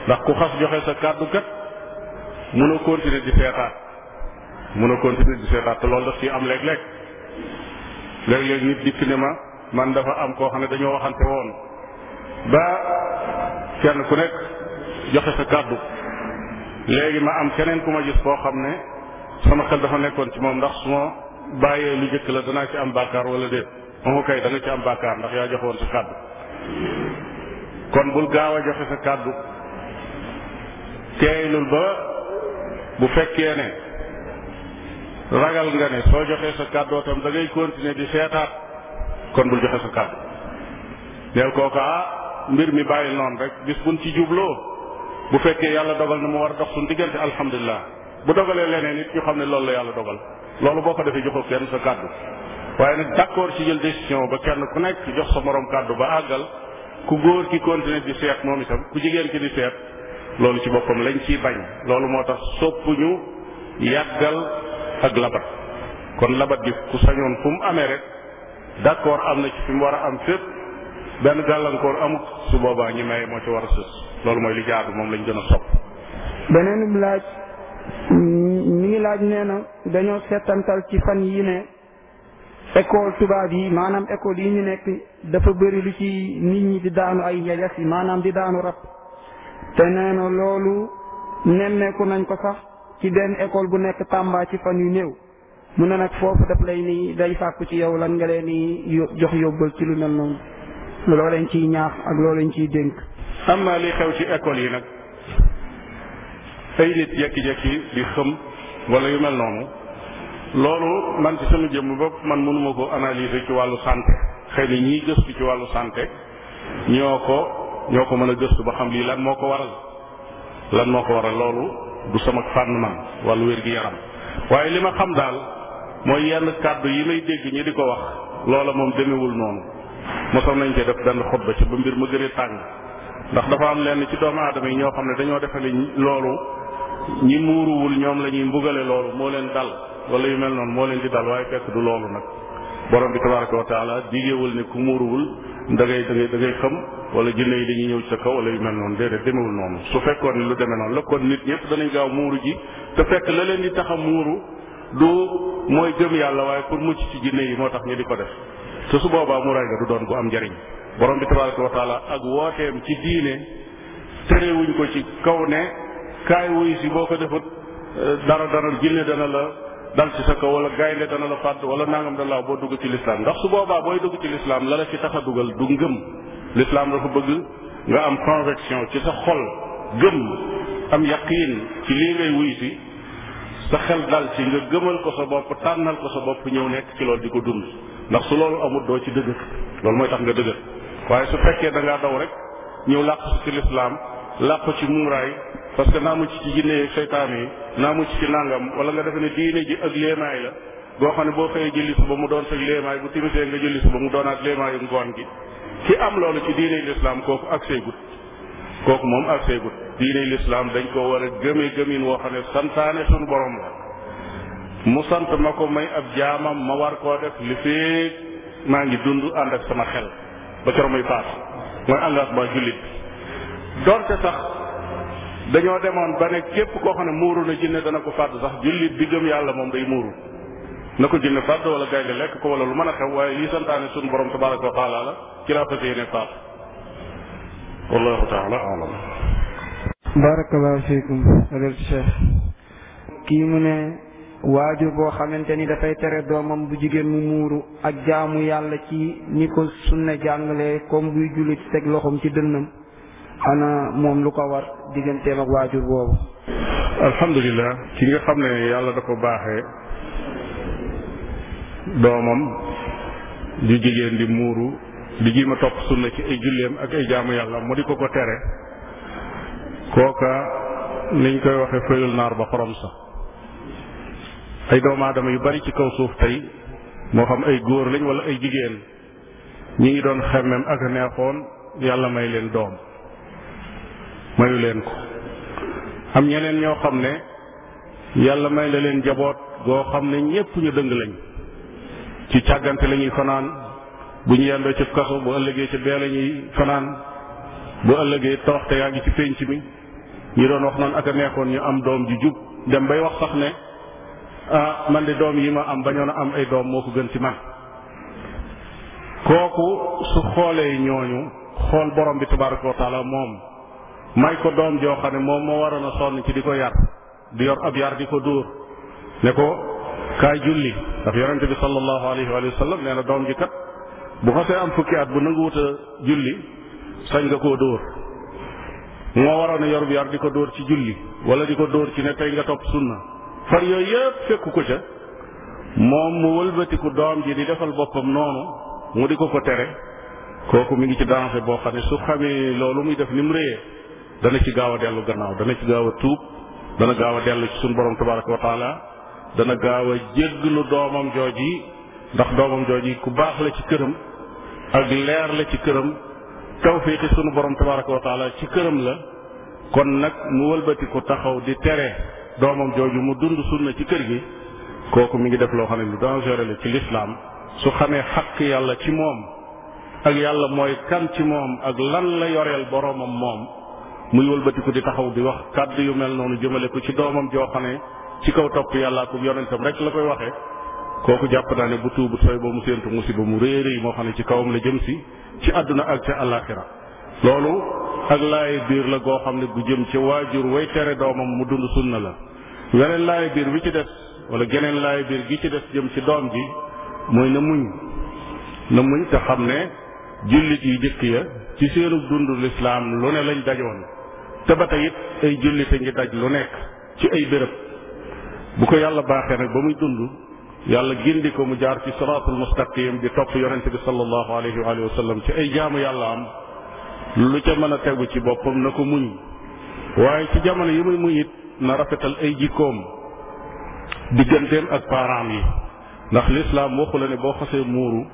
ndax ku xas joxe sa kàddu kat. mënoo continuer di seetaat mënoo continuer di seetaat te loolu dafa ciy am léeg-léeg léeg-léeg nit dikk ne ma man dafa am koo xam ne dañoo waxante woon ba kenn ku nekk joxe sa kàddu léegi ma am keneen ku ma gis koo xam ne sama xel dafa nekkoon ci moom ndax su ma bàyyee lu jëkk la danaa ci am bàkkaar wala déet ma kay da nga ci am bàkkaar ndax yaa joxe woon sa kàddu kon bul gaaw a joxe sa kàddu teeylul ba bu fekkee ne ragal nga ne soo joxee sa kàddoo tam da ngay continuer di seetaat kon bul joxe sa kàddu del kooku ah mbir mi bàyyi noonu rek gis buñ ci jubloo bu fekkee yàlla dogal na mu war a dox suñ diggante alhamdulilah bu dogalee leneen it ñu xam ne loolu la yàlla dogal loolu boo ko defee joxoo kenn sa kàddu waaye nag d'accord ci jël décision ba kenn ku nekk jox sa moroom kàddu ba àggal ku góor ki continuer di seet moom itam ku jigéen ki di seet loolu ci boppam lañ ci bañ loolu moo tax soppuñu yàggal ak labat kon labat gi ku sañoon fu mu amee rek d'accord am na ci fi war a am fépp benn gàllankoor amut su boobaa ñi maye moo ci war a sës loolu mooy li jaadu moom lañ gën a sopp beneen laaj mi ngi laaj nee na dañoo seetantal ci fan yi ne école tubaab yi maanaam école yi ñu nekk dafa bëri lu ci nit ñi di daanu ay njagas yi maanaam di daanu rab te nee na loolu nemmeeku nañ ko sax ci benn école bu nekk Tamba ci fan yu néew mu ne nag foofu daf lay nii day sàkku ci yow lan nga leen di jox yóbbal ci lu mel noonu loo leen ciy ñaax ak loo leen ciy dénk. am naa xew ci école yi nag ay nit di xëm wala yu mel noonu loolu man ci sama jëmm bopp man mënuma ko analyser ci wàllu santé xëy na ñiy gëstu ci wàllu santé ñoo ko. ñoo ko mën a gëstu ba xam lii lan moo ko waral lan moo ko waral loolu du sama fànn man wàllu wér gi yaram waaye li ma xam daal mooy yenn kàddu yi may dégg ñi di ko wax loola moom demewul noonu mosoon nañ cee def benn xutba ci ba mbir ma gën a tàng ndax dafa am lenn ci doomu aadama yi ñoo xam ne dañoo defe ne loolu ñi muuruwul ñoom la ñuy mbugale loolu moo leen dal wala yu mel noonu moo leen di dal waaye fekk du loolu nag borom bi tabaraka wa taala digeewul ne ku muuruwul da ngay da ngay da ngay xam wala jinne yi dañuy ñëw sa kaw wala yu mel noonu déedéet demewul noonu su fekkoon ne lu demee noonu la kon nit ñëpp danañ gaaw muuru ji te fekk la leen di tax muuru du mooy gëm yàlla waaye pour mucc ci jinne yi moo tax ñu di ko def te su boobaa muraay nga du doon bu am njariñ borom bi tabaraka wa taala ak wooteem ci diine terewuñ ko ci kaw ne kaay wuy si boo ko defut eh, dara dara jinne dana la dal ci sa kaw wala gaynde dana la fàdd wala nangam da laaw boo dugg ci lislaam ndax su boobaa booy dugg ci lislaam la la ci tax a dugal du ngëm lislaam dafa bëgg nga am conviction ci sa xol gëm am yaqiin ci lii ngay wuy si sa xel dal ci nga gëmal ko sa bopp tànnal ko sa bopp ñëw nekk ci loolu di ko dund ndax su loolu amul doo ci dëgër loolu mooy tax nga dëgër waaye su fekkee da ngaa daw rek ñëw làqu ci lislaam làqu ci muuraay parce que naa mucc ci jinne yeeg seytaane yi naa mucc ci nangam wala nga defe ne diine ji ak léemaay la goo xam ne boo xëyee julli suba mu doon sa léemaay bu timisee nga julli suba mu doonaat léemaayu ngoon gi ci am loolu ci diine lislaam kooku ak seegut kooku moom ak seegut diine lislaam dañ koo war a gëme gëmin woo xam ne santaane suñu borom la mu sant ma ko may ab jaamam ma war koo def li fee maa ngi dund ànd ak sama xel ba coro muy dañoo demaan ba ne képp koo xam ne muuru na jënd dana ko fàdd sax jullit bi gëm yàlla moom day muuru na ko jënd fàdd wala gaynde lekk ko wala lu mën a xew waaye li santaane suñu borom tabaraka wa taala la ci laa fas yéene faat wallahu taala alam barakallahu fiikum kii mu ne waajur boo xamante ni dafay tere doomam bu jigéen mu muuru ak jaamu yàlla ci ni ko sunna jàngale comme buy jullit teg loxoom ci dënnam ana moom lu ko war digganteem ak waajur boobu. alhamdulilah ki nga xam ne yàlla da ko baaxee doomam ju jigéen di muuru di ji ma topp sunna ci ay julleem ak ay jaamu yàlla mu di ko ko tere kooka niñ koy waxe fayul naar ba xorom sa ay doomu aadama yu bari ci kaw suuf tey moo xam ay góor lañ wala ay jigéen ñi ngi doon xemmem ak neexoon yàlla may leen doom mayu leen ko am ñeneen ñoo xam ne yàlla may na leen jaboot goo xam ne ñépp ñu dëng lañ ci càggante lañuy ñuy fanaan bu ñu yendoo ci kaso bu ëllëgee ci bee la fanaan bu ëllëgee toroxte yaa ngi ci pénc mi ñi doon wax noonu ak a neexoon ñu am doom ju jub dem bay wax sax ne ah man de doom yi ma am bañoon am ay doom moo ko gën ci man kooku su xoolee ñooñu xool borom bi tabaraka wa moom may ko doom joo xam ne moom moo waroon a sonn ci di ko yar di yor ab yar di ko dóor ne ko kaay julli ndax yonente bi sallallahu alayhi wa sallam nee na doom ji kat bu xasee am fukki at bu nanguwut a julli sañ nga koo dóor moo waroon a yor bu yar di ko dóor ci julli wala di ko dóor ci ne tey nga topp sunna far yooyu yëpp fekku ko ca moom mu wëlbatiku doom ji di defal boppam noonu mu di ko ko tere kooku mi ngi ci danger boo xam ne su xamee loolu muy def ni mu réyee dana ci gaaw a dellu gannaaw dana ci gaaw a tuub dana gaaw a dellu ci suñu borom tabaraka wa taala dana gaaw a lu doomam jooji ndax doomam jooji ku baax la ci këram ak leer la ci këram tawfiqi sunu borom tabaraka wa ci këram la kon nag mu wëlbati ko taxaw di tere doomam jooju mu dund sunna ci kër gi kooku mu ngi def loo xam ne lu dangereux la ci lislaam su xamee xaq yàlla ci moom ak yàlla mooy kan ci moom ak lan la yoreel boromam moom muy wëlbatiku di taxaw bi wax kàdd yu mel noonu jëmale ko ci doomam joo xam ne ci kaw topp yàllaa ko yonentam rek la koy waxee kooku jàpp naa ne bu tuubut fay ba mu séentu musiba mu réeréy moo xam ne ci kawam la jëm si ci àdduna ak ca àllaaxira loolu ak laaye biir la goo xam ne gu jëm ci waajur way tere doomam mu dund sunna la weneen laaye biir wi ci des wala geneen laaye biir gi ci des jëm ci doom ji mooy na nëmuñ na te xam ne jullit yi jëkk ya ci seenu dund lislaam lu ne te ba tey ay jullite ngi daj lu nekk ci ay bërëb bu ko yàlla baaxee nag ba muy dund yàlla gindi ko mu jaar ci siraatul mustaqim di topp yonente bi sallallahu alayhi wa sallam ci ay jaamu yàlla am lu ca mën a tegu ci boppam na ko muñ waaye ci jamono yi muy muñ na rafetal ay jikkoom digganteem ak parents yi ndax lislaam waxu la ne boo xasee muuru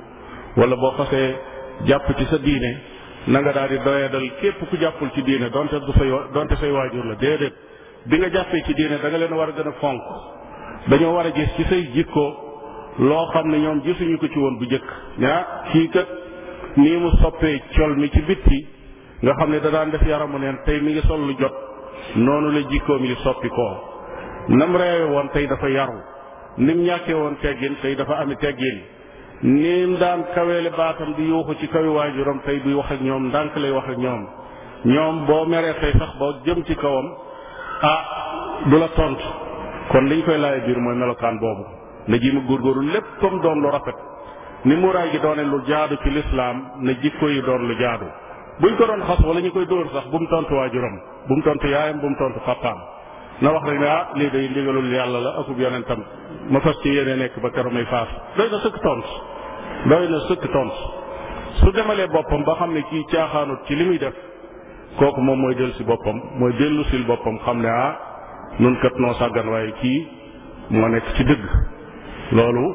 wala boo xasee jàpp ci sa diine na nga daal di doyadal képp ku jàppul ci diine donte du say donte say waajur la déedéet bi nga jàppee ci diine danga leen war a gën a fonk dañoo war a gis ci say jikko loo xam ne ñoom gisuñu ko ci woon bu jëkk ñaa kii kat nii mu soppee col mi ci bitti nga xam ne da daan def yaramu neen tey mi ngi sol lu jot noonu la jikkoom yi soppi koo nam reewe woon tey dafa yaru nim ñàkkee woon teggin tey dafa ami teggin niim daan kaweele baatam di yuuxu ci kawi waajuram tey buy wax ak ñoom ndànk lay wax ak ñoom ñoom boo meree tey sax boo jëm ci kawam ah du la tontu kon liñ koy laaj biir mooy melokaan boobu na ji góor góorgóorlu lépp comme doon lu rafet ni muraay gi doone lu jaadu ci lislaam na jikko yi doon lu jaadu buñ ko doon xas wala ñu koy dóor sax bu mu tontu waajuram bu mu tontu yaayam bu mu tontu papaam na wax rek ne ah lii day ndigalul yàlla la akub tam ma fas ci yéene nekk ba keroog may faas doy na sëkk tont doy na sëkk tont su demalee boppam ba xam ne kii caaxaanut ci li muy def kooku moom mooy dellu si boppam mooy dellu sil boppam xam ne ah nun kat noo sàggan waaye kii moo nekk ci dëgg loolu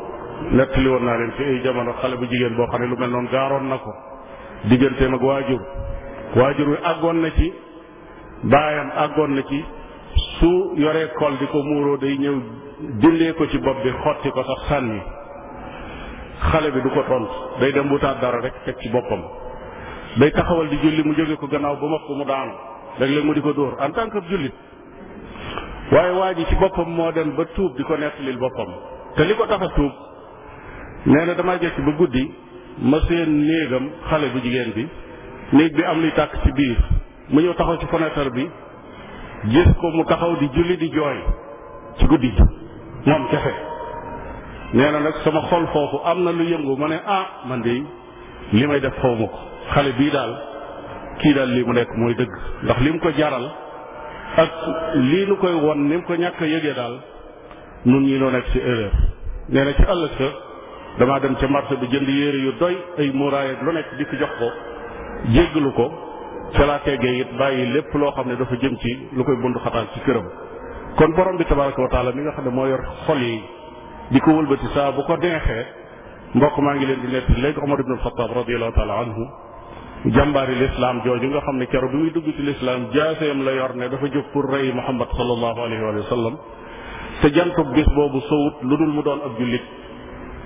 nettali woon naa leen fi ay jamono xale bu jigéen boo xam ne lu mel noonu gaaroon na ko digganteem ak waajur waajur wi àggoon na ci baayam àggoon na ci su yoree kol di ko muuroo day ñëw dindee ko ci bopp bi xotti ko sax sànni xale bi du ko tont day dem wutaat dara rek teg ci boppam day taxawal di julli mu jóge ko gannaaw ba mat ko mu daanu léeg-léeg mu di ko dóor en tant que jullit waaye waa ji ci boppam moo dem ba tuub di ko nettalil boppam te li ko tax a tuub nee na damaa jekk ba guddi ma seen néegam xale bu jigéen bi néeg bi am luy tàkk ci biir mu ñëw taxaw ci fenêtre bi gis ko mu taxaw di julli di jooy ci guddi gi moom jafe nee na nag sama xol foofu am na lu yëngu ma ne ah man de li may def xaw ko xale bii daal kii daal li mu nekk mooy dëgg ndax li mu ko jaral ak lii nu koy won ni mu ko ñàkk a yëgee daal nun ñi noo nekk ci erreur nee na ci ëllëg sa damaa dem ca marché bi jënd yére yu doy ay muuraay lu nekk di ko jox ko jéggalu ko ca laa teggee it bàyyi lépp loo xam ne dafa jëm ci lu koy bundu ci këram kon borom bi tabaraka wa mi nga xam ne moo yor xol yi di ko wëlbati saa bu ko neexee mbokk maa ngi leen di nett léegi Omar ibn al-Khattab radiyallahu taala anhu jàmbaari lislaam jooju nga xam ne kero bi muy dugg ci lislaam jaaseem la yor ne dafa jóg pour rey Muhammad sallallahu alayhi wa sallam te jantub bis boobu sowut lu dul mu doon ak jullit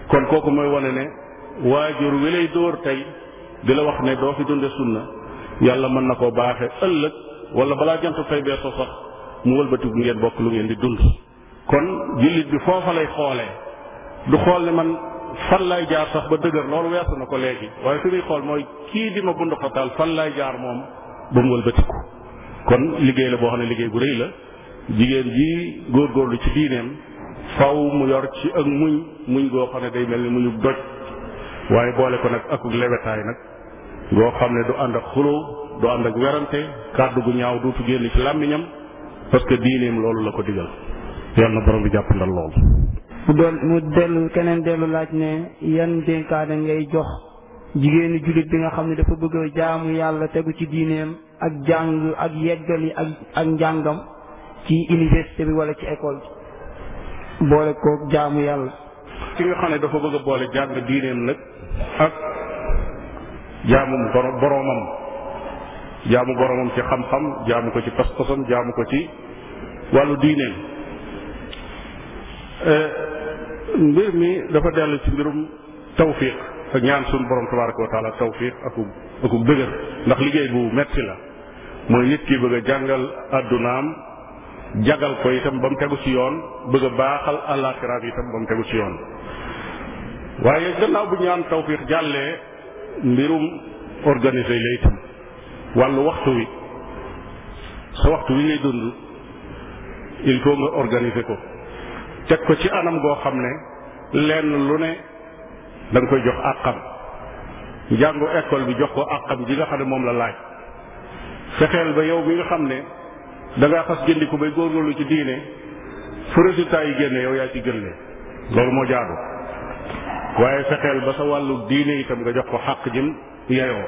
kon kooku mooy wane ne waajur wi lay dóor tey di la wax ne doo fi dunde sunna yàlla mën na koo baaxe ëllëg wala balaa jant fay bee sax mu wëlbatiku ngeen bokk lu ngeen di dund kon jullit bi foofa lay xoole du xool ne man fan lay jaar sax ba dëgër loolu weesu na ko léegi waaye fi muy xool mooy kii di ma bund xataal fan lay jaar moom ba mu wëlbatiku kon liggéey la boo xam ne liggéey bu rëy la jigéen ji góorlu ci diineem faw mu yor ci ak muñ muñ goo xam ne day mel ni muñu doj waaye boole ko nag akuk lewetaay nag ngoo xam ne du ànd ak xuloo du ànd ak werante kàddu gu ñaaw duutu génn ci làmmiñam parce que diineem loolu la ko digal yàlla na borom bi jàppandal loolu mu doon mu dellu keneen dellu laaj ne yan dénkaane ngay jox jigéenu jullit bi nga xam ne dafa bëgg jaamu yàlla tegu ci diineem ak jàng ak yeggali ak ak njàngam ci université bi wala ci école bi boole ko jaamu yàlla ki nga xam ne dafa bëgg a boole jàng diineem nag ak jaamum boromam jaamu boromam ci xam-xam jaamu ko ci pas-pasam jaamu ko ci wàllu diineen eh, mbir mi dafa dellu ci mbirum tawfiq ak ñaan suñu borom tabaraka wa taala tawfiq akub akub ndax liggéey bu metti la mooy nit ki bëgg jàngal àddunaam jagal ko itam ba mu tegu ci yoon bëgg baaxal àllaaxiraam yitam ba mu tegu ci yoon waaye gannaaw bu ñaan tawfiq jàllee mbirum organisé la itam wàllu waxtu wi sa waxtu wi ngay dund il faut nga organiser ko teg ko ci anam goo xam ne lenn lu ne da koy jox àqam njàngu école bi jox ko àqam ji nga xam ne moom la laaj fexeel ba yow bi nga xam ne da ngaa xas jëndiku bay góorgóorlu ci diine fu résultat yi génne yow yaa ci gën le loolu moo jaadu waaye fexeel ba sa wàllu diine itam nga jox ko xàq jëm yeyoo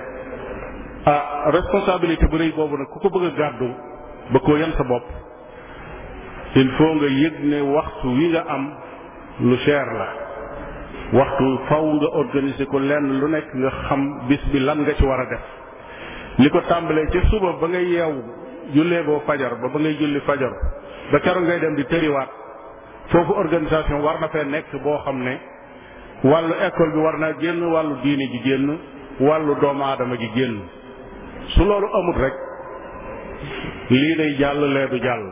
ah responsabilité bu rëy boobu nag ku ko bëgg a gàddu ba koo yan sa bopp il faut nga yëg ne waxtu wi nga am lu cher la waxtu faw nga organiser ko lenn lu nekk nga xam bis bi lan nga ci war a def li ko tàmbalee ca suba ba ngay yeew jullee boo fajar ba ba ngay julli fajar ba keroog ngay dem di tëriwaat foofu organisation war na fee nekk boo xam ne wàllu école bi war naa génn wàllu diine ji génn wàllu doomu aadama ji génn su loolu amut rek lii day jàll lee du jàll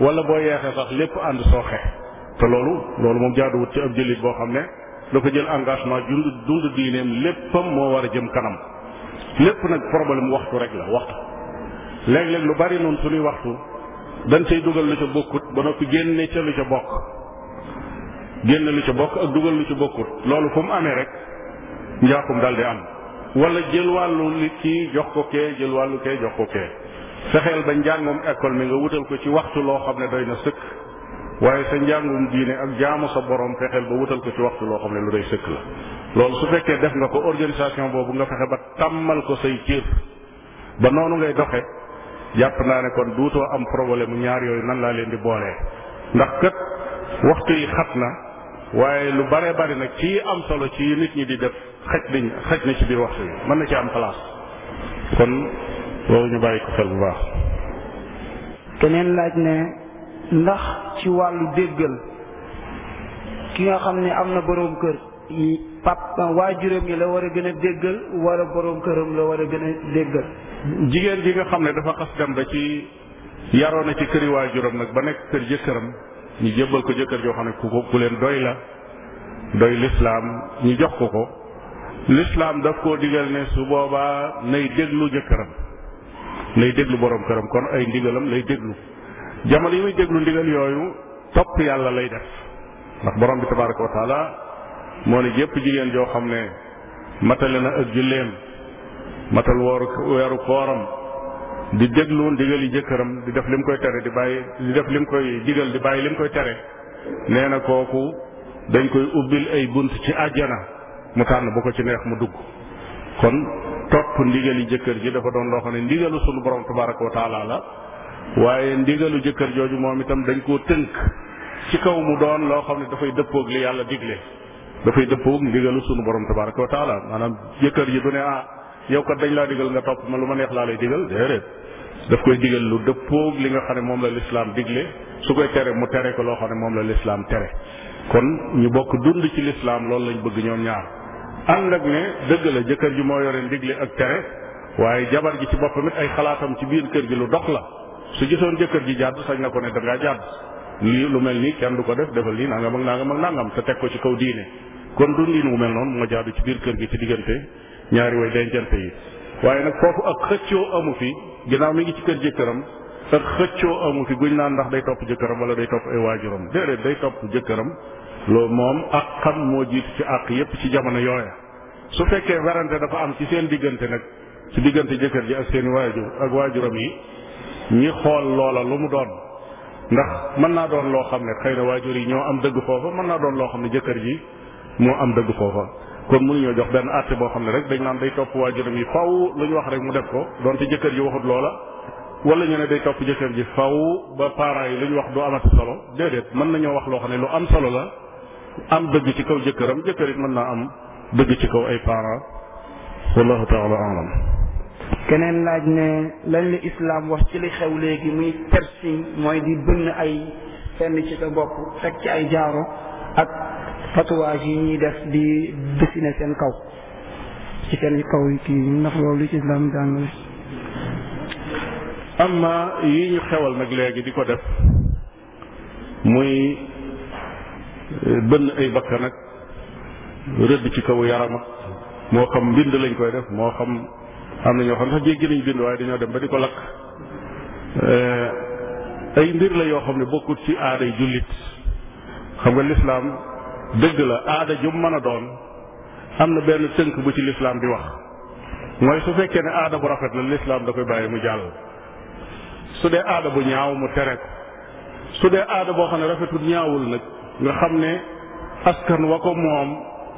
wala boo yeexee sax lépp ànd sooxe te loolu loolu moom jaaduwut ci ab jullit boo xam ne dafa jël engagement dund dund diineem léppam moo war a jëm kanam lépp nag problème waxtu rek la waxtu léeg-léeg lu bari noonu suñuy waxtu dan cay dugal lu ca bokkut ba noppi génne ca lu ca bokk génn lu ci bokk ak dugal lu ci bokkut loolu fu mu amee rek njaaxum daal di am wala jël wàllu nit ki jox ko kee jël wàllu kee jox ko kee fexeel ba njàngum école mi nga wutal ko ci waxtu loo xam ne doy na sëkk waaye sa njàngum diine ak jaamu sa borom fexeel ba wutal ko ci waxtu loo xam ne lu doy sëkk la loolu su fekkee def nga ko organisation boobu nga fexe ba tàmmal ko say cër ba noonu ngay doxe jàpp naa ne kon duutoo am problème mu ñaar yooyu nan laa leen di boolee waaye lu bare bari nag ci am solo ci nit ñi di def xaj nañ xaj na ci biir wax bi mën na ci am place kon loolu ñu bàyyi ko xel bu baax. keneen laaj ne ndax ci wàllu déggal ki nga xam ne am na boroom kër yi pap waajuram yi la war a gën a déggal wala boroom këram la war a gën a déggal. jigéen ji nga xam ne dafa xas dem ba ci yaroon na ci kër këri waajuram nag ba nekk kër jëkkëram. ñu jébbal ko jëkkër joo xam ne ku ko ku leen doy la doy lislaam ñu jox ko ko lislaam daf koo digal ne su boobaa nay déglu jëkkëram nay déglu borom këram kon ay ndigalam lay déglu jamono yi muy déglu ndigal yooyu topp yàlla lay def ndax borom bi tabaraka wa moo ne jépp jigéen joo xam ne matale na ak julleem matal wooru weeru kooram di déglu ndigali jëkkëram di def lim koy tere di bàyyi di def koy digal di bàyyi lim koy tere nee na kooku dañ koy ubbil ay bunt ci àjjana mu tànn bu ko ci neex mu dugg kon topp ndigali jëkkër ji dafa doon loo xam ne ndigalu sunu borom tabaraka wa la waaye ndigalu jëkkër jooju moom itam dañ koo tënk ci kaw mu doon loo xam ne dafay dëppook li yàlla digle dafay dëppoog ndigalu sunu borom tabaraka wa taala maanaam jëkkër ji du ne ah yow kat dañ laa digal nga topp ma lu ma neex laa lay digal déedéet daf koy digal lu dëppoog li nga xam ne moom la lislaam digle su koy tere mu tere ko loo xam ne moom la lislaam tere kon ñu bokk dund ci lislaam loolu lañ bëgg ñoom ñaar ànd ak ne dëgg la jëkkër ji moo yore ndigle ak tere waaye jabar ji ci boppam it ay xalaatam ci biir kër gi lu dox la su gisoon jëkkër ji jàdd sañ na ko ne dangaa jàdd lii lu mel nii kenn du ko def defal lii nangam ak nangam ak nangam sa teg ko ci kaw diine kon dundin wu mel noonu moo ci biir kër gi ci diggante ñaari way dencante yi waaye nag foofu ginnaaw mi ngi ci kër jëkkëram ak xëccoo amu fi guñ naan ndax day topp jëkkëram wala day topp ay waajuram déedéet day topp jëkkëram loo moom ak xam moo jiitu ci àq yépp ci jamono yooya su fekkee werante dafa am ci seen diggante nag ci diggante jëkkër ji ak seen waajur ak waajuram yi ñi xool loola lu mu doon ndax mën naa doon loo xam ne xëy na waajur yi ñoo am dëgg foofa mën naa doon loo xam ne jëkkër ji moo am dëgg foofa kon mënuñoo jox benn àtte boo xam ne rek dañ naan day topp waajuram yi faw lu ñu wax rek mu def ko donte jëkkër ji waxut loola wala ñu ne day topp jëkkër ji faw ba parent yi lu ñu wax du amati solo déedéet mën ñoo wax loo xam ne lu am solo la am dëgg ci kaw jëkkëram jëkkër it mën naa am dëgg ci kaw ay parents wallahu taala alam keneen laaj ne lan la islam wax ci li xew léegi muy piercing mooy di bënn ay fenn ci sa bopp teg ci ay jaaro ak tatouage yi ñuy def di dessiner seen kaw ci seen kaw yi kii ndax loolu lu ci islam jàngale am na yi ñu xewal nag léegi di ko def muy eh, bënn ay bakkan nag rëdd ci kaw yaram ak moo xam mbind lañ koy def moo xam am na ñoo xam sax jéggi nañ bind waaye dañoo dem ba di ko lakk eh, ay mbir la yoo xam ne bokkut ci aaday jullit xam nga lislaam dëgg la aada jum mën a doon am na benn tënk bu ci lislaam di wax mooy su fekkee ne aada bu rafet la lislaam da koy bàyyi mu jàll su dee aada bu ñaaw mu tere ko su dee aada boo xam ne rafetul ñaawul nag nga xam ne askan wa ko moom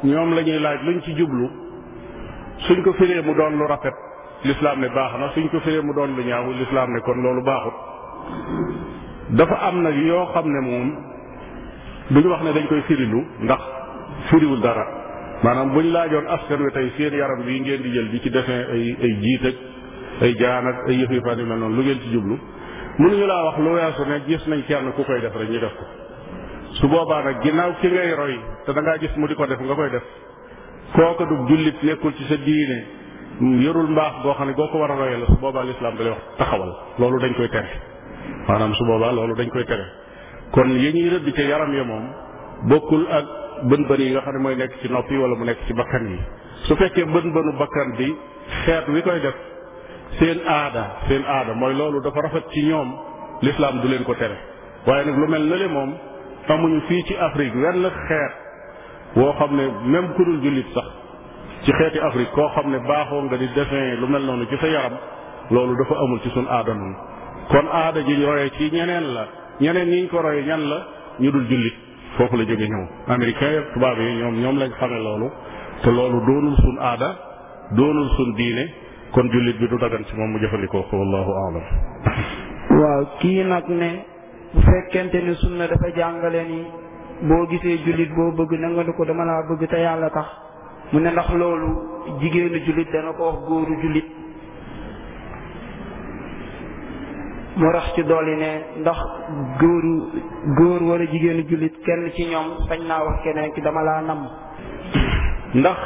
ñoom lañuy laaj luñ ci jublu suñ ko firee mu doon lu rafet lislaam ne baax na suñ ko firee mu doon lu ñaaw lislaam ne kon loolu baaxut dafa am nag yoo xam ne moom bu ñu wax ne dañ koy firilu ndax firiwul dara maanaam ñu laajoon askan wi tey seen yaram bii ngeen di jël di ci dessin ay ay jiit ak ay jaan ak ay yëf yu fan yu mel noonu lu ngeen ci jublu mënuñu laa wax lu weesu ne gis nañ kenn ku koy def rek ñu def ko su boobaa nag ginnaaw ki ngay roy te da ngaa gis mu di ko def nga koy def kooka du jullit nekkul ci sa diine yorul mbaax boo xam ne boo ko war a royee la su boobaa lislaam da lay wax taxawal loolu dañ koy tere maanaam su boobaa loolu dañ koy tere kon yi ñuy rëdd ca yaram ya moom bokkul ak bën-bën yi nga xam ne mooy nekk ci nopp yi wala mu nekk ci bakkan yi su fekkee bën-bënu bakkan bi xeet wi koy def seen aada seen aada mooy loolu dafa rafet ci ñoom lislaam du leen ko tere waaye nag lu mel ne le moom amuñu fii ci Afrique wenn xeet woo xam ne même ku dul jullit sax ci xeeti Afrique koo xam ne baaxoo nga di defee lu mel noonu ci sa yaram loolu dafa amul ci sun aada noonu kon aada ji royee ñeneen ñi ñu ko roy ñan la ñu dul jullit foofu la jóge ñëw américain yëpp tubaab yi ñoom ñoom lañ xame loolu te loolu doonul sun aada doonul sun diine kon jullit bi du dagan ci moom mu jëfandikoo ko wallahu aalam waaw kii nag ne bu fekkente ni sunna dafa jàngale ni boo gisee jullit boo bëgg nanga ko dama laa bëgg te yàlla tax mu ne ndax loolu jigéenu jullit dana ko wax góoru jullit mu rax ci dolli ne ndax góoru góor wala jigéenu jullit kenn ci ñoom sañ naa wax keneen ki dama laa namm ndax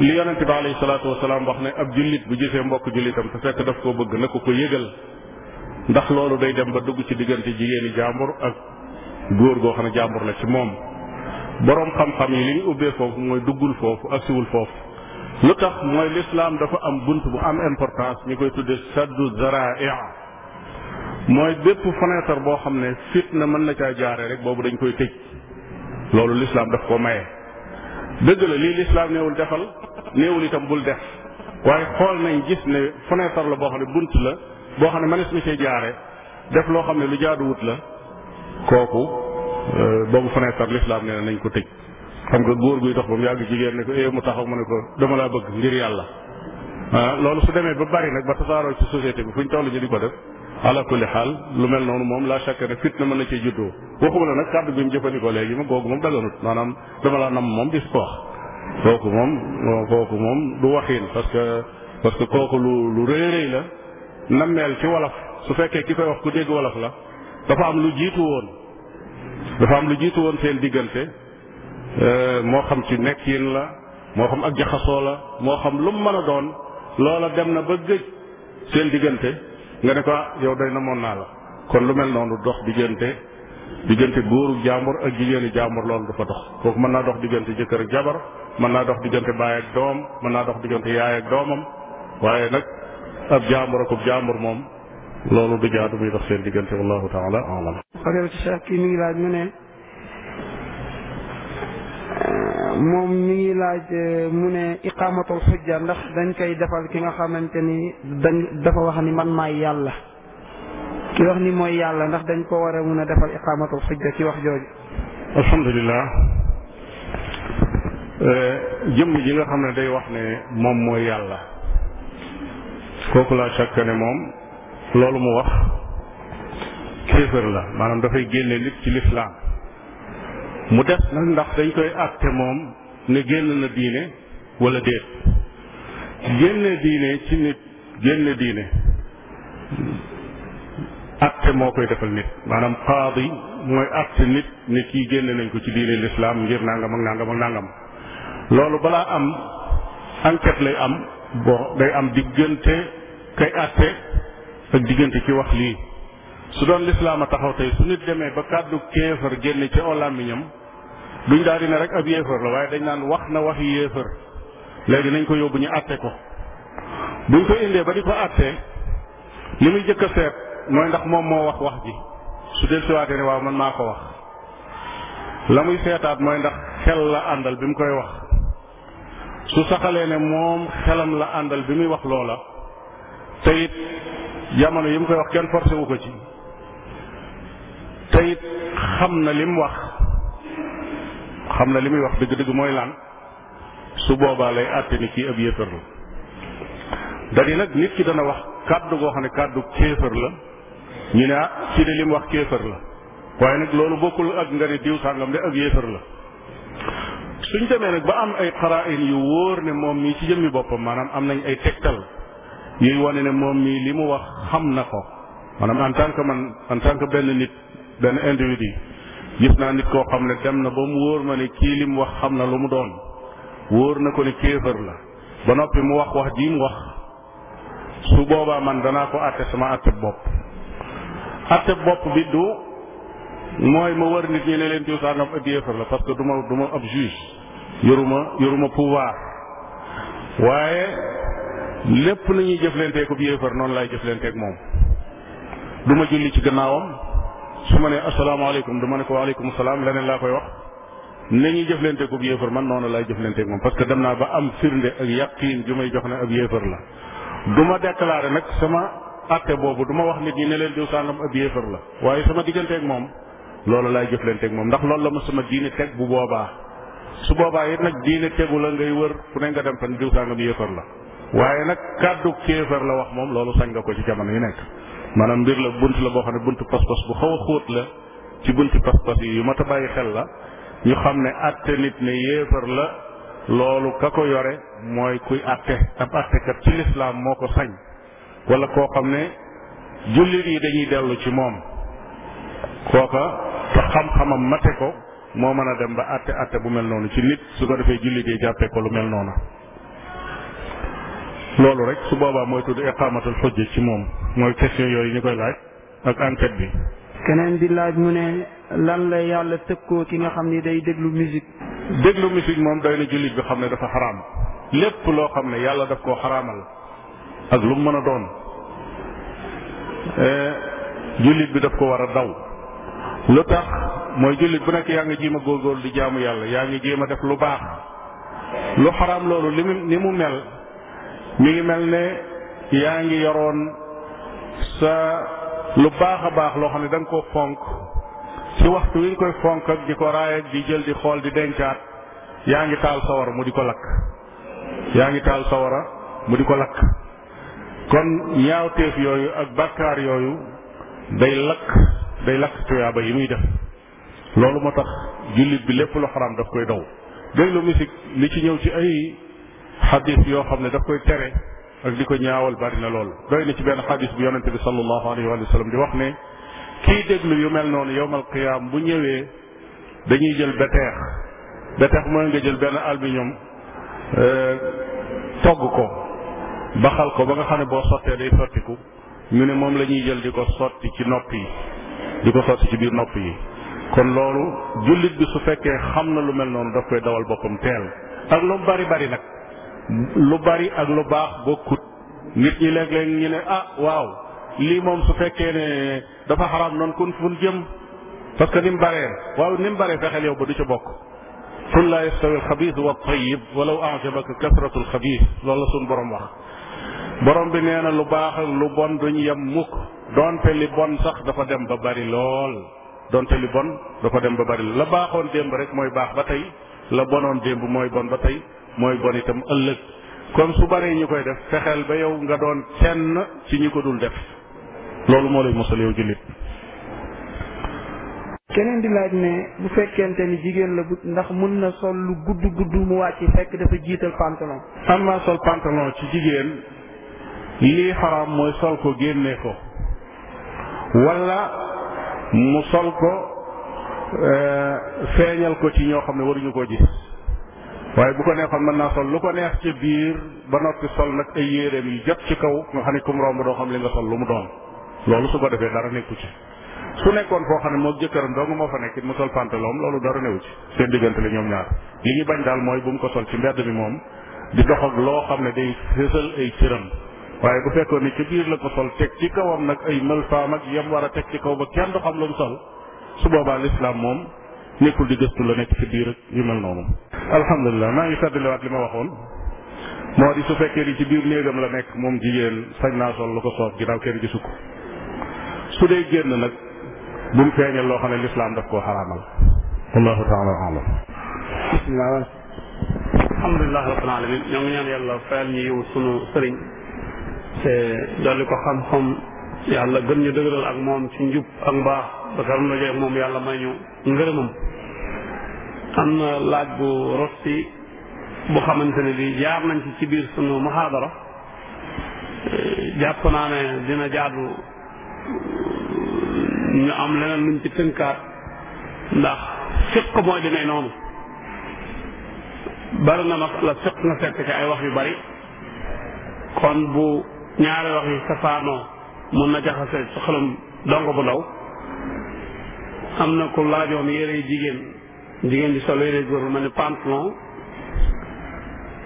li yonent bi alayhi salaatu wasalaam wax ne ab jullit bu gisee mbokk jullitam te fekk daf koo bëgg na ko ko yëgal ndax loolu day dem ba dugg ci diggante jigéeni jàmbur ak góor goo xam ne jàmbur la ci moom boroom xam-xam yi li ñu ubbee foofu mooy duggul foofu ak siwul foofu lu tax mooy lislaam dafa am bunt bu am importance ñu koy tudde saddu zaraa mooy bépp fenêtre boo xam ne na mën na caa jaare rek boobu dañu koy tëj loolu lislaam daf ko maye dëgg la lii lislaam néewul defal néewul itam bul def waaye xool nañ gis ne fenêtre la boo xam ne bunt la boo xam ne mënees na cee jaare def loo xam ne lu jaaruwut la kooku euh, boobu fenêtre lislaam nee na nañ ko tëj xam nga góor guy dox ba mu yàgg jigéen ne ko eh mu taxaw mu ne ko dama laa bëgg ngir yàlla ah loolu su demee ba bari nag ba tasaaroo ci société bi fu ñu toll ñu ala kulli xaal lu mel noonu moom la chaque ne fit na mën na cee juddoo waxuma la nag kàddu bi mu jëfandikoo léegi ma googu moom daganut maanaam dama la nam moom bis ko wax kooku moom kooku moom du waxiin parce que parce que kooku lu lu rëy rëy la nammeel ci wolof su fekkee ki koy wax ku dégg wolof la dafa am lu jiitu woon dafa am lu jiitu woon seen diggante euh, moo xam ci nekkin la moo xam ak jaxasoo la moo xam lu mu mën a doon loola dem na ba gëj seen diggante nga ne ko ah, yow doy na moon naa la kon lu mel noonu dox diggante diggante góoru jàmbur ak jigéenu jàmbur loolu du fa dox kooku mën naa dox diggante jëkkër jabar mën naa dox diggante baay ak doom mën naa dox diggante yaay ak doomam waaye nag ab jàmbur akub jàmbur moom loolu du jaadu muy dox seen diggante wallahu taala alam. xale ci sax kii mi ngi laaj ne moom mi ngi laaj eh, mu ne iqaamatul xujja ndax dañ koy defal ki nga xamante ni dañ dafa wax ni man maay yàlla ki wax ni mooy yàlla ndax dañ ko war a mun a defal iqaamatul xujja ci wax jooju alhamdulilah eh, jëmm ji nga xam ne day wax ne moom mooy yàlla kooku laa shakk ne moom loolu mu wax kéefër la maanaam dafay génne nit ci lislaam mu def nag ndax dañ koy àtte moom ne génn na diine wala déet génne diine ci nit génne diine àtte moo koy defal nit maanaam qaadi mooy àtte nit ne kii génne nañ ko ci diine lislaam ngir nangam ak nangam ak nangam loolu balaa am enquête lay am bo day am diggante kay àtte ak diggante ci wax lii su doon lislaam a taxaw tey su nit demee ba kàddu kéefër génne ci olàmmiñam duñ daal di ne rek ab yéefër la waaye dañ naan wax na waxi yéefër léegi nañ ko yóbbu ñu àtte ko buñ ko indee ba di ko àttee li muy jëkk a seet mooy ndax moom moo wax wax ji su del siwaatee ne waaw man maa ko wax la muy seetaat mooy ndax xel la àndal bi mu koy wax su saxalee ne moom xelam la àndal bi muy wax loola te it jamono yi mu koy wax kenn forcé wu ko ci it xam na lim wax xam na li muy wax dëgg-dëgg mooy lan su boobaa lay àtte ni kii ab yéefar la dadi nag nit ki dana wax kàddu goo xam ne kàddu kéefër la ñu ne ah ci de lim wax kéefër la waaye nag loolu bokkul ak nga ne diw sàngam de ak yéefar la suñ demee nag ba am ay xaraayin yu wóor ne moom mii ci jëmmi boppam maanaam am nañ ay tegtal yuy wane moom mii li mu wax xam na ko man en tant benn nit benn individu gis naa nit koo xam ne dem na ba mu wóor ma ne kii li mu wax xam na lu mu doon wóor na ko ne kéefër la ba noppi mu wax wax ji mu wax su boobaa man danaa ko àtte sama àtte bopp àtte bopp bi du mooy ma wër nit ñi ne leen diw sàngam ab yéefar la parce que duma ma du ma ab juge yoruma yoruma pouvoir waaye lépp lu ñuy jëflanteeg ab yéefar noonu laay jëflanteeg moom duma ma julli ci gannaawam su ma nee ne asalaamaaleykum dama ne ko waaleykum salaam leneen laa koy wax ne ñuy jëflante ko ab yéefar man noonu laay jëflanteeg moom parce que dem naa ba am firnde ak yaqiin ju may jox ne ab yéefar la du ma déclaré nag sama atte boobu du wax nit ñi ne leen diw sàngam ab yéefar la waaye sama digganteeg moom loolu laay jëflanteeg moom ndax loolu la ma sama diine teg bu boobaa su boobaa it nag diine tegu la ngay wër fu ne nga dem fan diw sàngam yéefar la waaye nag kàddu kéefar la wax moom loolu sañ nga ko ci jamono yu nekk maanaam mbir la bunt la boo xam ne buntu pas-pas bu xaw xóot la ci buntu pas-pas yi yu mat a bàyyi xel la ñu xam ne àtte nit ne yéefar la loolu ka ko yore mooy kuy àtte ab àttekat ci lislaam moo ko sañ walla koo xam ne jullit yi dañuy dellu ci moom kooka te xam-xamam mate ko moo mën a dem ba àtte àtte bu mel noonu ci nit su ko defee jullit yi jàppee ko lu mel noonu loolu rek su boobaa mooy tudd iqaamatul xujja ci moom mooy question yooyu ñu koy laaj ak enquête bi. keneen di laaj mu ne lan la yàlla tëkkoo ki nga xam ni day déglu musique. déglu musique moom doy na jullit bi xam ne dafa xaraam lépp loo xam ne yàlla daf koo xaraamal ak lu mu mën a doon eh, jullit bi daf ko war a daw. lu tax mooy jullit bu nekk yaa ngi jéem a góorgóorlu di jaamu yàlla yaa ngi jéem a def lu baax lu xaraam loolu li mu ni mu mel mi ngi mel ne yaa ngi yoroon sa lu baax a baax loo xam ne da nga koo fonk ci waxtu wi nga koy fonk ak di ko raay ak di jël di xool di dencaat yaa ngi taal sawara mu di ko lakk yaa ngi taal sawara mu di ko lakk kon ñaawteef yooyu ak bàkkaar yooyu day lakk day lakk tuyaaba yi muy def loolu moo tax jullit bi lépp lu xaraam daf koy daw déglu musique li ci ñëw ci ay xadis yoo xam ne daf koy tere ak di ko ñaawal bari na lool doy na ci benn xadis bu yonente bi sallallahu alayhi wa sallam di wax ne kiy déglu yu mel noonu yowmal qiyaam bu ñëwee dañuy jël beteex beteex mooy nga jël benn aluminium euh, togg ko baxal ko ba nga xam ne boo sottee day sottiku ñu ne moom la ñuy jël di ko sotti ci nopp yi di ko sotti ci biir nopp yi kon loolu jullit bi su fekkee xam na lu mel noonu daf koy dawal boppam teel ak lu mu bari bari nag lu bari ak lu baax bokkut nit ñi léeg-léeg ñu ne ah waaw lii moom su fekkee ne dafa xaraam noonu kon fun jëm parce que ni mu baree waaw ni mu baree fexeel yow ba du ca bokk qul laa yastawi alxabis wa tayib walaw ajabaka kasratu alxabis loolu la suñ borom wax borom bi nee na lu baax ak lu bon duñ yem mukk donte li bon sax dafa dem ba bari lool donte li bon dafa dem ba bari la baaxoon démb rek mooy baax ba tey la bonoon démb mooy bon ba tey mooy bon itam ëllëg kon su baree ñu koy def fexeel ba yow nga doon kenn ci ñi ko dul def loolu moo lay mosal yow jullit keneen di laaj ne bu fekkente ni jigéen la bu ndax mën na sol lu gudd gudd mu wàcc fekk dafa jiital pantalon am naa sol pantalon ci jigéen lii xaraam mooy sol ko génnee ko wala mu sol ko eh, feeñal ko ci ñoo xam ne waruñu ko ji waaye bu ko neexoon mën naa sol lu ko neex ci biir ba noppi sol nag ay yéeréem yu jot ci kaw nga xam ne kum romb doo xam li nga sol lu mu doon loolu su ko defee dara nekku ci su nekkoon foo xam ne moo jëkkëram dong moo fa nekk it mu sol pantalon loolu dara newu ci seen diggante la ñoom ñaar li ñu bañ daal mooy bu mu ko sol ci mbedd mi moom di dox ak loo xam ne day fësal ay cëram waaye bu fekkoon ne ci biir la ko sol teg ci kawam nag ay mëlfaam ak yem war a teg ci kaw ba kenn du xam lu sol su boobaa lislaam moom nekkul di gëstu la nekk ci biir ak yu mel noonu alhamdulilah maa ngi fàttaliwaat li ma waxoon moo di su fekkee ni ci biir néegam la nekk moom jigéen sañ naa sol lu ko soob ginnaaw kenn gisu ko su dee génn nag bu mu feeñal loo xam ne lislaam daf koo xaraamal wallahu taala alam bismillah alhamdulilah rabbil alamin ñoo ngi ñaan yàlla fayal ñu yiw sunu sëriñ te dolli ko xam-xam yàlla gën ñu dëgëral ak moom ci njub ak mbaax ba karam la jeex moom yàlla may ñu ngërëmam am na laaj bu rotti bu xamante ne bi jaar nañ ci ci biir sunu muhaadara jàpp naa ne dina jaadu ñu am leneen luñ ci tënkaat ndax fiq mooy demee noonu bari na masala fiq nga fekk ci ay wax yu bari kon bu ñaari wax yu safaanoo mun na jaxase ci xelum dong bu ndaw am na ku laajoon yére jigéen jigéen di sol yére góor bu mel ne pantalon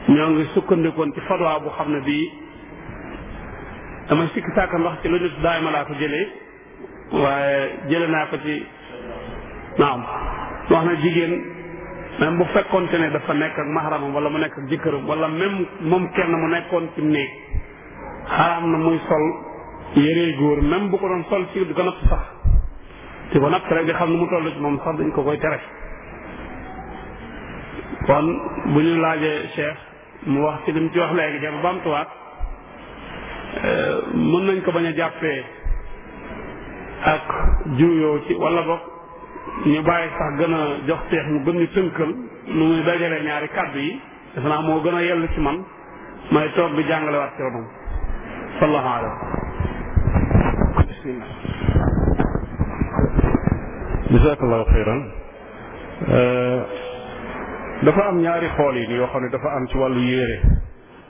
ñoo ngi sukkandikoon ci fatwa bu xam ne bii dama sikki sàkka ndax ci lu nit daay ma laa ko jële waaye jële naa ko ci naam wax na jigéen même bu fekkoonte ne dafa nekk ak mahramam wala mu nekk ak jëkkëram wala même moom kenn mu nekkoon ci néeg xaraam na muy sol yére góor même bu ko doon sol ci du ko natt sax di ko natt rek di xam ne mu toll ci moom sax dañ ko koy tere kon bu ñu laajee cheikh mu wax ci lim ci wax léegi te bu bamtuwaat euh, mën nañ ko bañ a jàppee ak juuyoo ci wala boog ñu bàyyi sax gën a jox teex mu gën ñu tënkal nu muy dajalee ñaari kàddu yi defe naa moo gën a yell ci man may toog bi jàngalewaat ci ronam sallallahu alayhi bismillah jazakallahu xayran euh, dafa am ñaari xool yi yoo xam ne dafa am ci wàllu yéere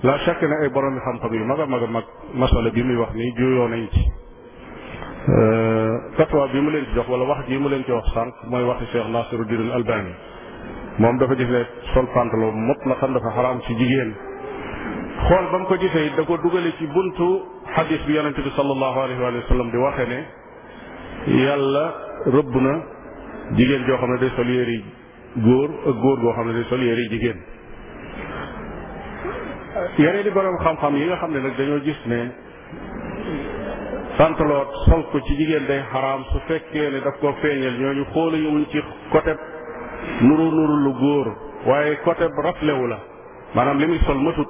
laa chaque na ay borom xam-xam yu mag a mag a mag masala bi muy wax nii juyoo nañ ci. Euh, fatwa bi mu leen ci jox wala wax ji mu leen ci wax sànq mooy waxi Cheikh Nasiruddin Albani moom dafa gis ne sol pantalon mot na xam dafa xaraam ci jigéen. xool ba mu ko jifee da ko dugale ci buntu xadis bi yonente bi sallallahu alayhi wa di waxee ne yàlla rëbb na jigéen joo xam ne day sol yére yi góor ak góor goo xam ne day sol yére jigéen yeneen di borom xam-xam yi nga xam ne nag dañoo gis ne santaloot sol ko ci jigéen day xaraam su fekkee ne daf ko feeñal ñu xóolu yumuñ ci côté nuru nuru lu góor waaye côté raflewu la maanaam li muy sol matut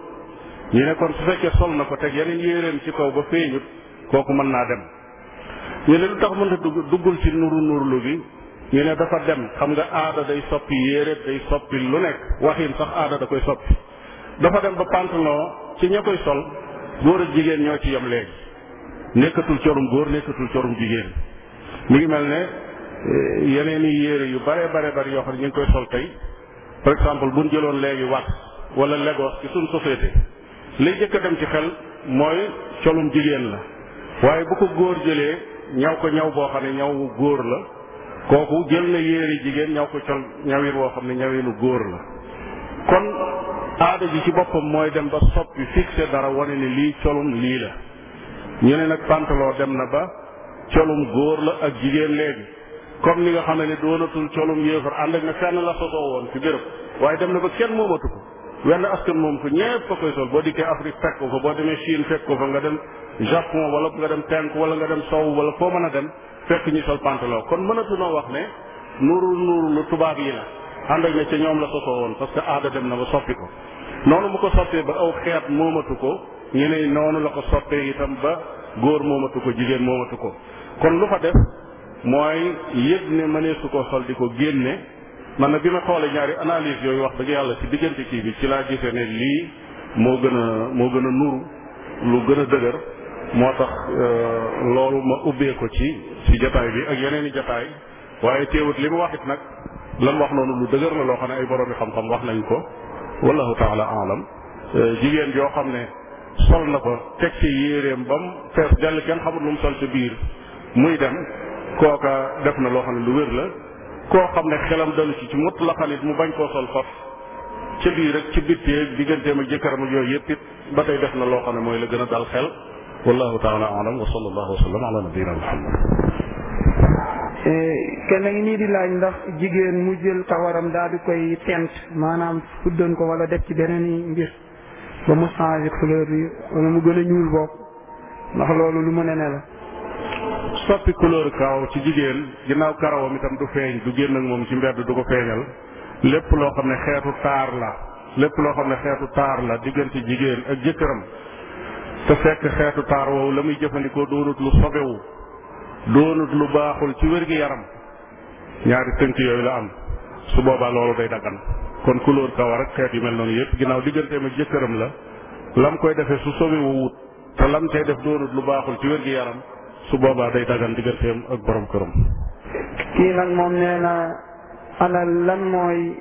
ñu ne kon su fekkee sol na ko teg yeneen yéreem ci kaw ba feeñut kooku mën naa dem ñu ne lu tax mënta dugg duggul ci nuru nurlu bi ñu ne dafa dem xam nga aada day soppi yére day soppi lu nekk waxin sax aada da koy soppi dafa dem ba pantalon ci ña koy sol góor ak jigéen ñoo ci yom léegi nekkatul corum góor nekkatul corum jigéen mi ngi mel ne eh, yeneen i yére yu bare bare bari yoo xam ne ñu koy sol tey par exemple buñ jëloon léegi wax wala Lagos ci suñ société li jëkk a dem ci xel mooy colum jigéen la waaye bu ko góor jëlee ñaw ko ñaw boo xam ne ñaw góor la kooku jël na yéeri jigéen ñaw ko col ñawin woo xam ne ñawinu góor la kon aada ji ci boppam mooy dem ba soppi fixé dara wane ni lii colum lii la ñu ne nag pantalon dem na ba colum góor la ak jigéen léegi comme ni nga xam ne doonatul colum yéefar ànd ak na fenn la sosoo woon ci béréb waaye dem na ba kenn moomatu ko wenn askan moom ko ñépp a koy sol boo dikkee Afrique fekk ko fa boo demee Chine fekk ko fa nga dem Japon wala nga dem tenk wala nga dem sow wala foo mën a dem fekk ñu sol pantalon kon mënatunoo wax ne nurul nuru lu tubaab yi la ànd ak ne ca ñoom la sosoo woon parce que aada dem na ba soppi ko noonu mu ko soppee ba aw xeet moomatu ko ñu ne noonu la ko soppee itam ba góor moomatu ko jigéen moomatu ko kon lu fa def mooy yëg ne mënee su ko sol di ko génne man na bi ma xoolee ñaari analyse yooyu wax dëgg yàlla ci diggante kii bi ci laa gisee ne lii moo gën a moo gën a nuru lu gën a dëgër moo tax euh, loolu ma ubbee ko ci ci jataay bi ak yeneen i jataay waaye teewut li mu waxit nag lan wax noonu lu dëgër la loo xam ne ay boroomi xam-xam wax nañu ko wallahu taala alam euh, jigéen joo xam ne sol na ko teg ci yéeréem ba mu fees dell kenn xamul lu mu sol ca biir muy dem kooka def na loo xam ne lu wér la koo xam ne xelam dalu ci ci mut la xanit mu bañ koo sol faf ca biir rek ci bittee digganteem ak jëkkëram ak yooyu yëpp it ba tey def na loo xam ne mooy la gën a dal xel wallahu taala alam wa sallallahu wa sallam ala nabiyina eh, kenn ngi nii di laaj ndax jigéen mu jël kawaram daal di koy tent maanaam fuddoon ko wala def ci beneen i mbir ba mu changé couleur bi wala mu gën a ñuul bopp ndax loolu lu mu ne ne la soppi couleur kaw ci jigéen ginnaaw karawam itam du feeñ du génn ak moom ci mbedd du ko feeñal lépp loo xam ne xeetu taar la lépp loo xam ne xeetu taar la diggante jigéen ak jëkkëram te fekk xeetu taar woowu la muy jëfandikoo doonut lu sobewu doonut lu baaxul ci wér gi yaram ñaari tënk yooyu la am su boobaa loolu day daggan kon couleur kawar ak xeet yu mel noonu yëpp ginnaaw digganteem ak jëkkëram la lam koy defee su sobewu wut te lam cay def doonut lu baaxul ci wér gi yaram su boobaa day daggan digganteem ak borom këram. kii nag moom nee na lan mooy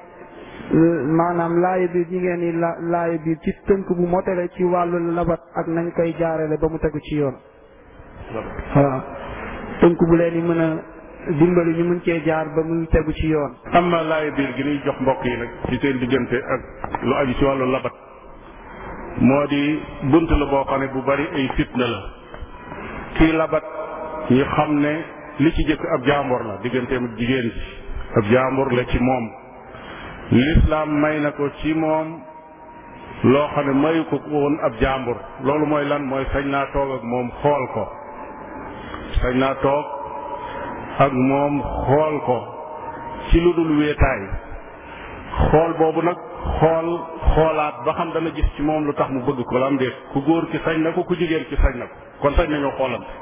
maanaam laaya biir ñi ngeen ni la laaya biir ci tënk bu motale ci wàllu labat ak nañ koy jaarale ba mu tegu ci yoon waaw tënk bu leen di mën a dimbali ñu mën cee jaar ba muy tegu ci yoon am na laaya biir gi ñuy jox mbokk yi nag ci seen diggante ak lu aju ci wàllu labat moo di bunt la boo xam ne bu bari ay fitna la kii labat ñu xam ne li ci jëkk ab jaambor la digganteem jigéen ji ab jaambor la ci moom lislaam may na ko ci moom loo xam ne mayu ko woon ab jàmbur loolu mooy lan mooy sañ naa toog ak moom xool ko sañ naa toog ak moom xool ko ci lu dul wéetaay xool boobu nag xool xoolaat ba xam dana gis ci moom lu tax mu bëgg ko la am déet ku góor ki sañ na ko ku jigéen ki sañ na ko kon sañ nañoo xoolante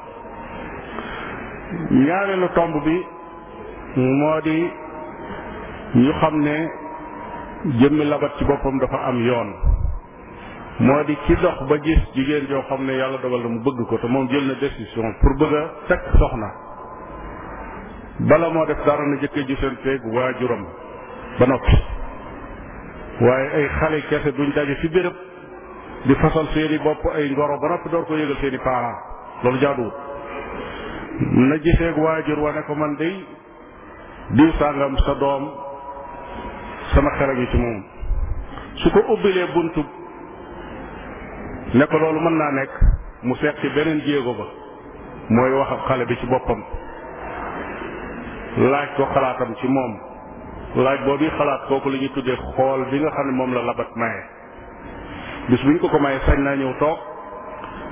ñaareelu tomb bi moo di ñu xam ne jëmmi labat ci boppam dafa am yoon moo di ci dox ba gis jigéen joo xam ne yàlla dogal na mu bëgg ko te moom jël na décision pour bëgg a takk soxna bala moo def dara na jëkk gisanteeg waajuram ba noppi waaye ay xale kese duñ daje fi béréb di fasal seeni bopp ay ngoro ba noppi door ko yëgal seeni parents loolu jaaduwut na giseeg waajur wa ne ko man day diw sa doom sama xel a ci moom su ko ubbilee buntu ne loolu mën naa nekk mu seet beneen jéego ba mooy wax xale bi ci boppam laaj ko xalaatam ci moom laaj boobu xalaat kooku la ñuy tuddee xool bi nga xam ne moom la labat maye bis bu ñu ko ko maye sañ naa ñëw toog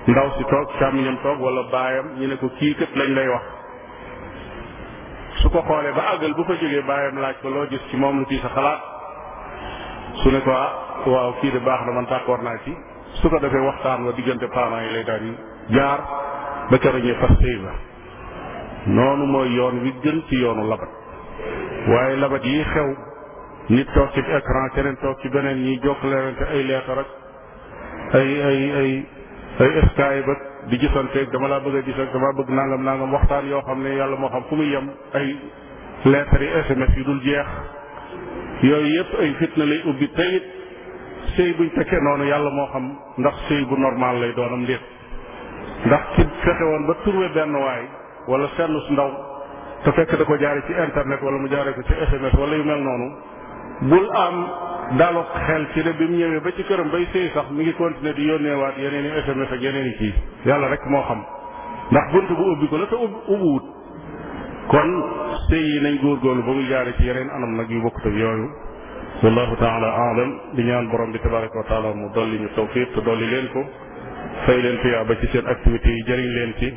ndaw si toog càmmiñam toog wala baayam ñu ne ko kii kat lañ lay wax su ko xoolee ba àggal bu fa jógee baayam laaj ko loo gis ci moom lu ci sa xalaat su ne ko ah, waaw kii de baax na man d'accord naa ci su ko defee waxtaan wa diggante parents yi lay daal di jaar ba keroog ñu fas sëy ba noonu mooy yoon wi gën ci yoonu labat waaye labat yi xew nit toog ci écran keneen toog ci beneen ñi jokkalerante ay leetar ak ay ay ay ay Skype ak di gisanteeg dama laa bëgg a gis ak dama bëgg nangam nangam waxtaan yoo xam ne yàlla moo xam fu mu yem ay lettres yi SMS yu dul jeex yooyu yépp ay fitna lay ubbi tayit sëy buñ tekkee noonu yàlla moo xam ndax sëy bu normal lay doonam ndéet ndax ki fexe woon ba turwe benn waay wala senn su ndaw te fekk da ko jaare ci internet wala mu jaare ko ci SMS wala yu mel noonu bul am dalu xel ci ne bi mu ñëwee ba ci këram bay sëy sax mu ngi continuer di yónneewaat yeneen i SMS ak yeneen i kii yàlla rek moo xam ndax bunt bu ubbi ko la te ubbi ubbiwut kon sëy yi nañ góorgóorlu ba muy jaare ci yeneen anam nag yu bokkut ak yooyu wallahu taala aalam di ñaan borom bi tabaraka wa taala mu dolli ñu tawfiq te dolli leen ko fay leen tuyaaba ci seen activités yi jëriñ leen ci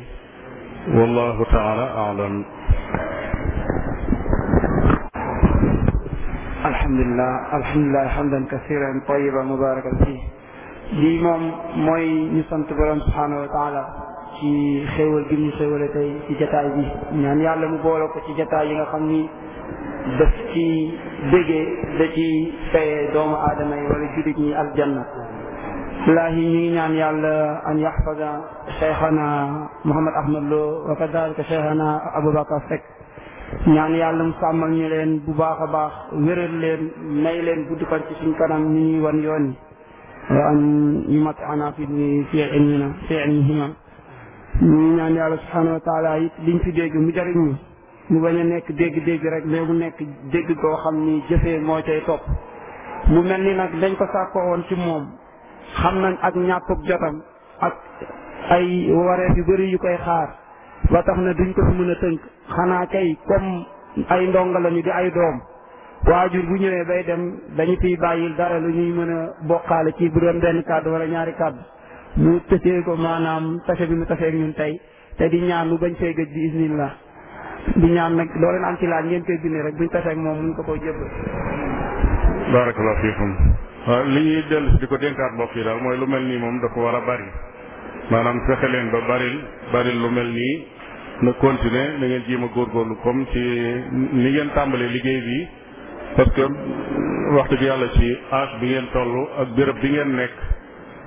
wallahu taala aalam alhamdulilah alhamdulilah hamdan kasiran tayiban mubarakan fii lii moom mooy ñu sant borom subhanahu wa taala ci xéewal bi ñu xéewale tey ci jataay bi ñaan yàlla mu boole ko ci jataay yi nga xam ni daf ci bégee da ci fayee doomu aadama yi wala jurit ñi aljanna laahi ñu ngi ñaan yàlla an yaxfada cheikhana Mouhamad Ahmad Lo wa kadalika cheikhana Aboubacar Seck ñaan yàlla mu sàmmal ñu leen bu baax a baax wéral leen may leen gudd fan ci suñ kanam ñu ñuy wan yoon yi wa an yumatti'ana fi fi ilmina ñu ñaan yàlla subhaanahu wa taala it liñ fi dégg mu jariñ ñu mu bañ a nekk dégg-dégg rek mais mu nekk dégg ko xam ni jëfe moo cay topp mu mel ni nag dañ ko sàkkoo woon ci moom xam na ak ñàkkub jotam ak ay wareef yu bari yu koy xaar ba tax na duñ ko fi mën a tënk xanaa kay comme ay ndongo lañu di ay doom waajur bu ñëwee bay dem dañu fiy bàyyil dara lu ñuy mën a bokkaale ci bu doon benn kàddu wala ñaari kàddu mu tëjee ko maanaam tase bi mu taseeg ñun tey te di ñaan bañ fee gëj bi la di ñaan nag loo leen am ci laaj ngeen koy bindee rek buñ taseeg moom mun ko koy jébbal. barakallahu fiikum waaw li ñuy dellu di ko dénkaat mbokk yi daal mooy lu mel nii moom dafa war a bari maanaam fexe leen ba baril baril lu mel nii na continuer na ngeen jéem a góorgóorlu comme ci ni ngeen tàmbalee liggéey bi parce que waxtu bi yàlla ci âge bi ngeen toll ak béréb bi ngeen nekk.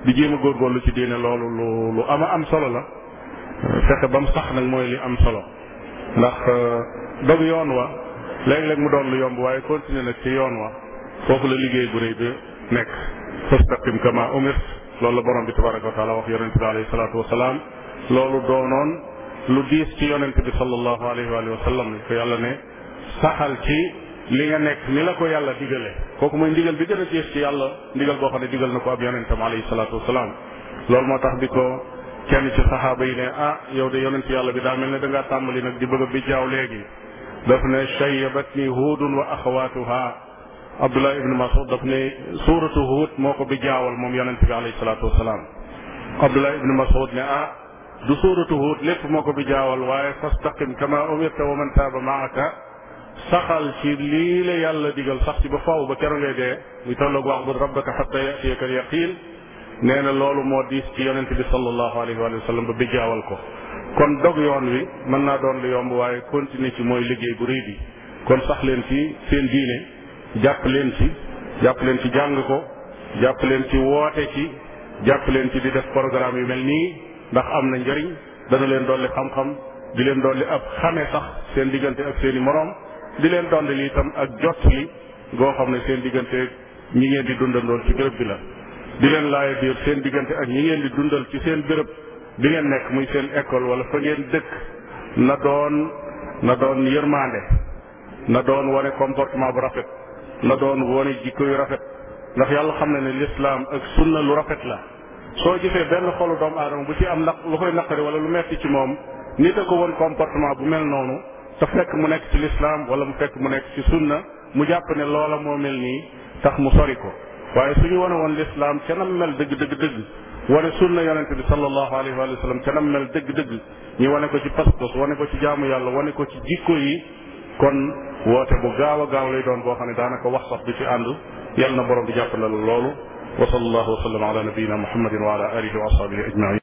ma góor góor lu ci diine loolu lu lu ama am solo la fexe ba mu sax nag mooy li am solo ndax euh, dog yoon wa léeg-léeg mu doon lu yomb waaye continuer nag ci yoon wa foofu la liggéey bu rëy bi nekk fastaqim kama umirt loolu la borom bi tabaraka wa taala wax yonente bi alayhi salaatu wasalaam loolu lu diis ci yonente bi sallallahu alayhi wa sallam ko yàlla ne saxal ci li nga nekk ni la ko yàlla digale kooku mooy ndigal bi gën a diis ci yàlla ndigal boo xam ne digal na ko ab yonentam alayhi salaatu loolu moo tax bi ko kenn ci saxaaba yi ne ah yow de yonent yàlla bi daa mel ne danga ngaa tàmbali nag di bëgg bi jaaw léegi daf ne shayyabat ni huudun wa axawaatuha abdullah ibn masud daf ne suuratu huud moo ko bi jaawal moom yonente bi alayhi salaatu wasalaam abdullah ibn masud ne ah du suuratu huud lépp moo ko bi jaawal waaye fastaqim kama umirta wa taaba saxal ci lii la yàlla digal sax ci ba faw ba keroog ngay dee muy tolloog wax bu rabbaka xatta yatiyaka al yaqin nee na loolu moo diis ci yonent bi sallallahu alayhi wa sallam ba bijjaawal ko kon dog yoon wi mën naa doon lu yomb waaye continuer ci mooy liggéey bu rëy bi kon sax leen ci seen diine jàpp leen ci jàpp leen ci jàng ko jàpp leen ci woote ci jàpp leen ci di def programme yu mel nii ndax am na njëriñ dana leen dolli xam-xam di leen dolli ab xame sax seen diggante ak seen moroom di leen dondali itam ak jot li goo xam ne seen diggante ñi ngeen di dundal dundandool ci gërëb bi la di leen laaya biir seen diggante ak ñi ngeen di dundal ci seen béréb bi ngeen nekk muy seen école wala fa ngeen dëkk na doon na doon yërmaande na doon wane comportement bu rafet na doon wane jikko yu rafet ndax yàlla xam ne ne lislaam ak sunna lu rafet la soo gisee benn xolu doomu aadama bu ci am naq lu koy naqari wala lu metti ci moom nit a ko woon comportement bu mel noonu te fekk mu nekk ci lislaam wala mu fekk mu nekk ci sunna mu jàpp ne loola moo mel nii tax mu sori ko waaye su ñu wane woon lislaam ca nam mel dëgg dëgg dëgg wane sunna yonente bi sallallahu alayhi wa sallam ca nam mel dëgg dëgg ñu wane ko ci pas-pas wane ko ci jaamu yàlla wane ko ci jikko yi kon woote bu gaaw a gaaw lay doon boo xam ne daanaka wax sax bi ci ànd yal na borom bi jàppale loolu wa sallallahu wa sallam ala nabiyina muhammadin wa ala alihi wa ashabihi ajmain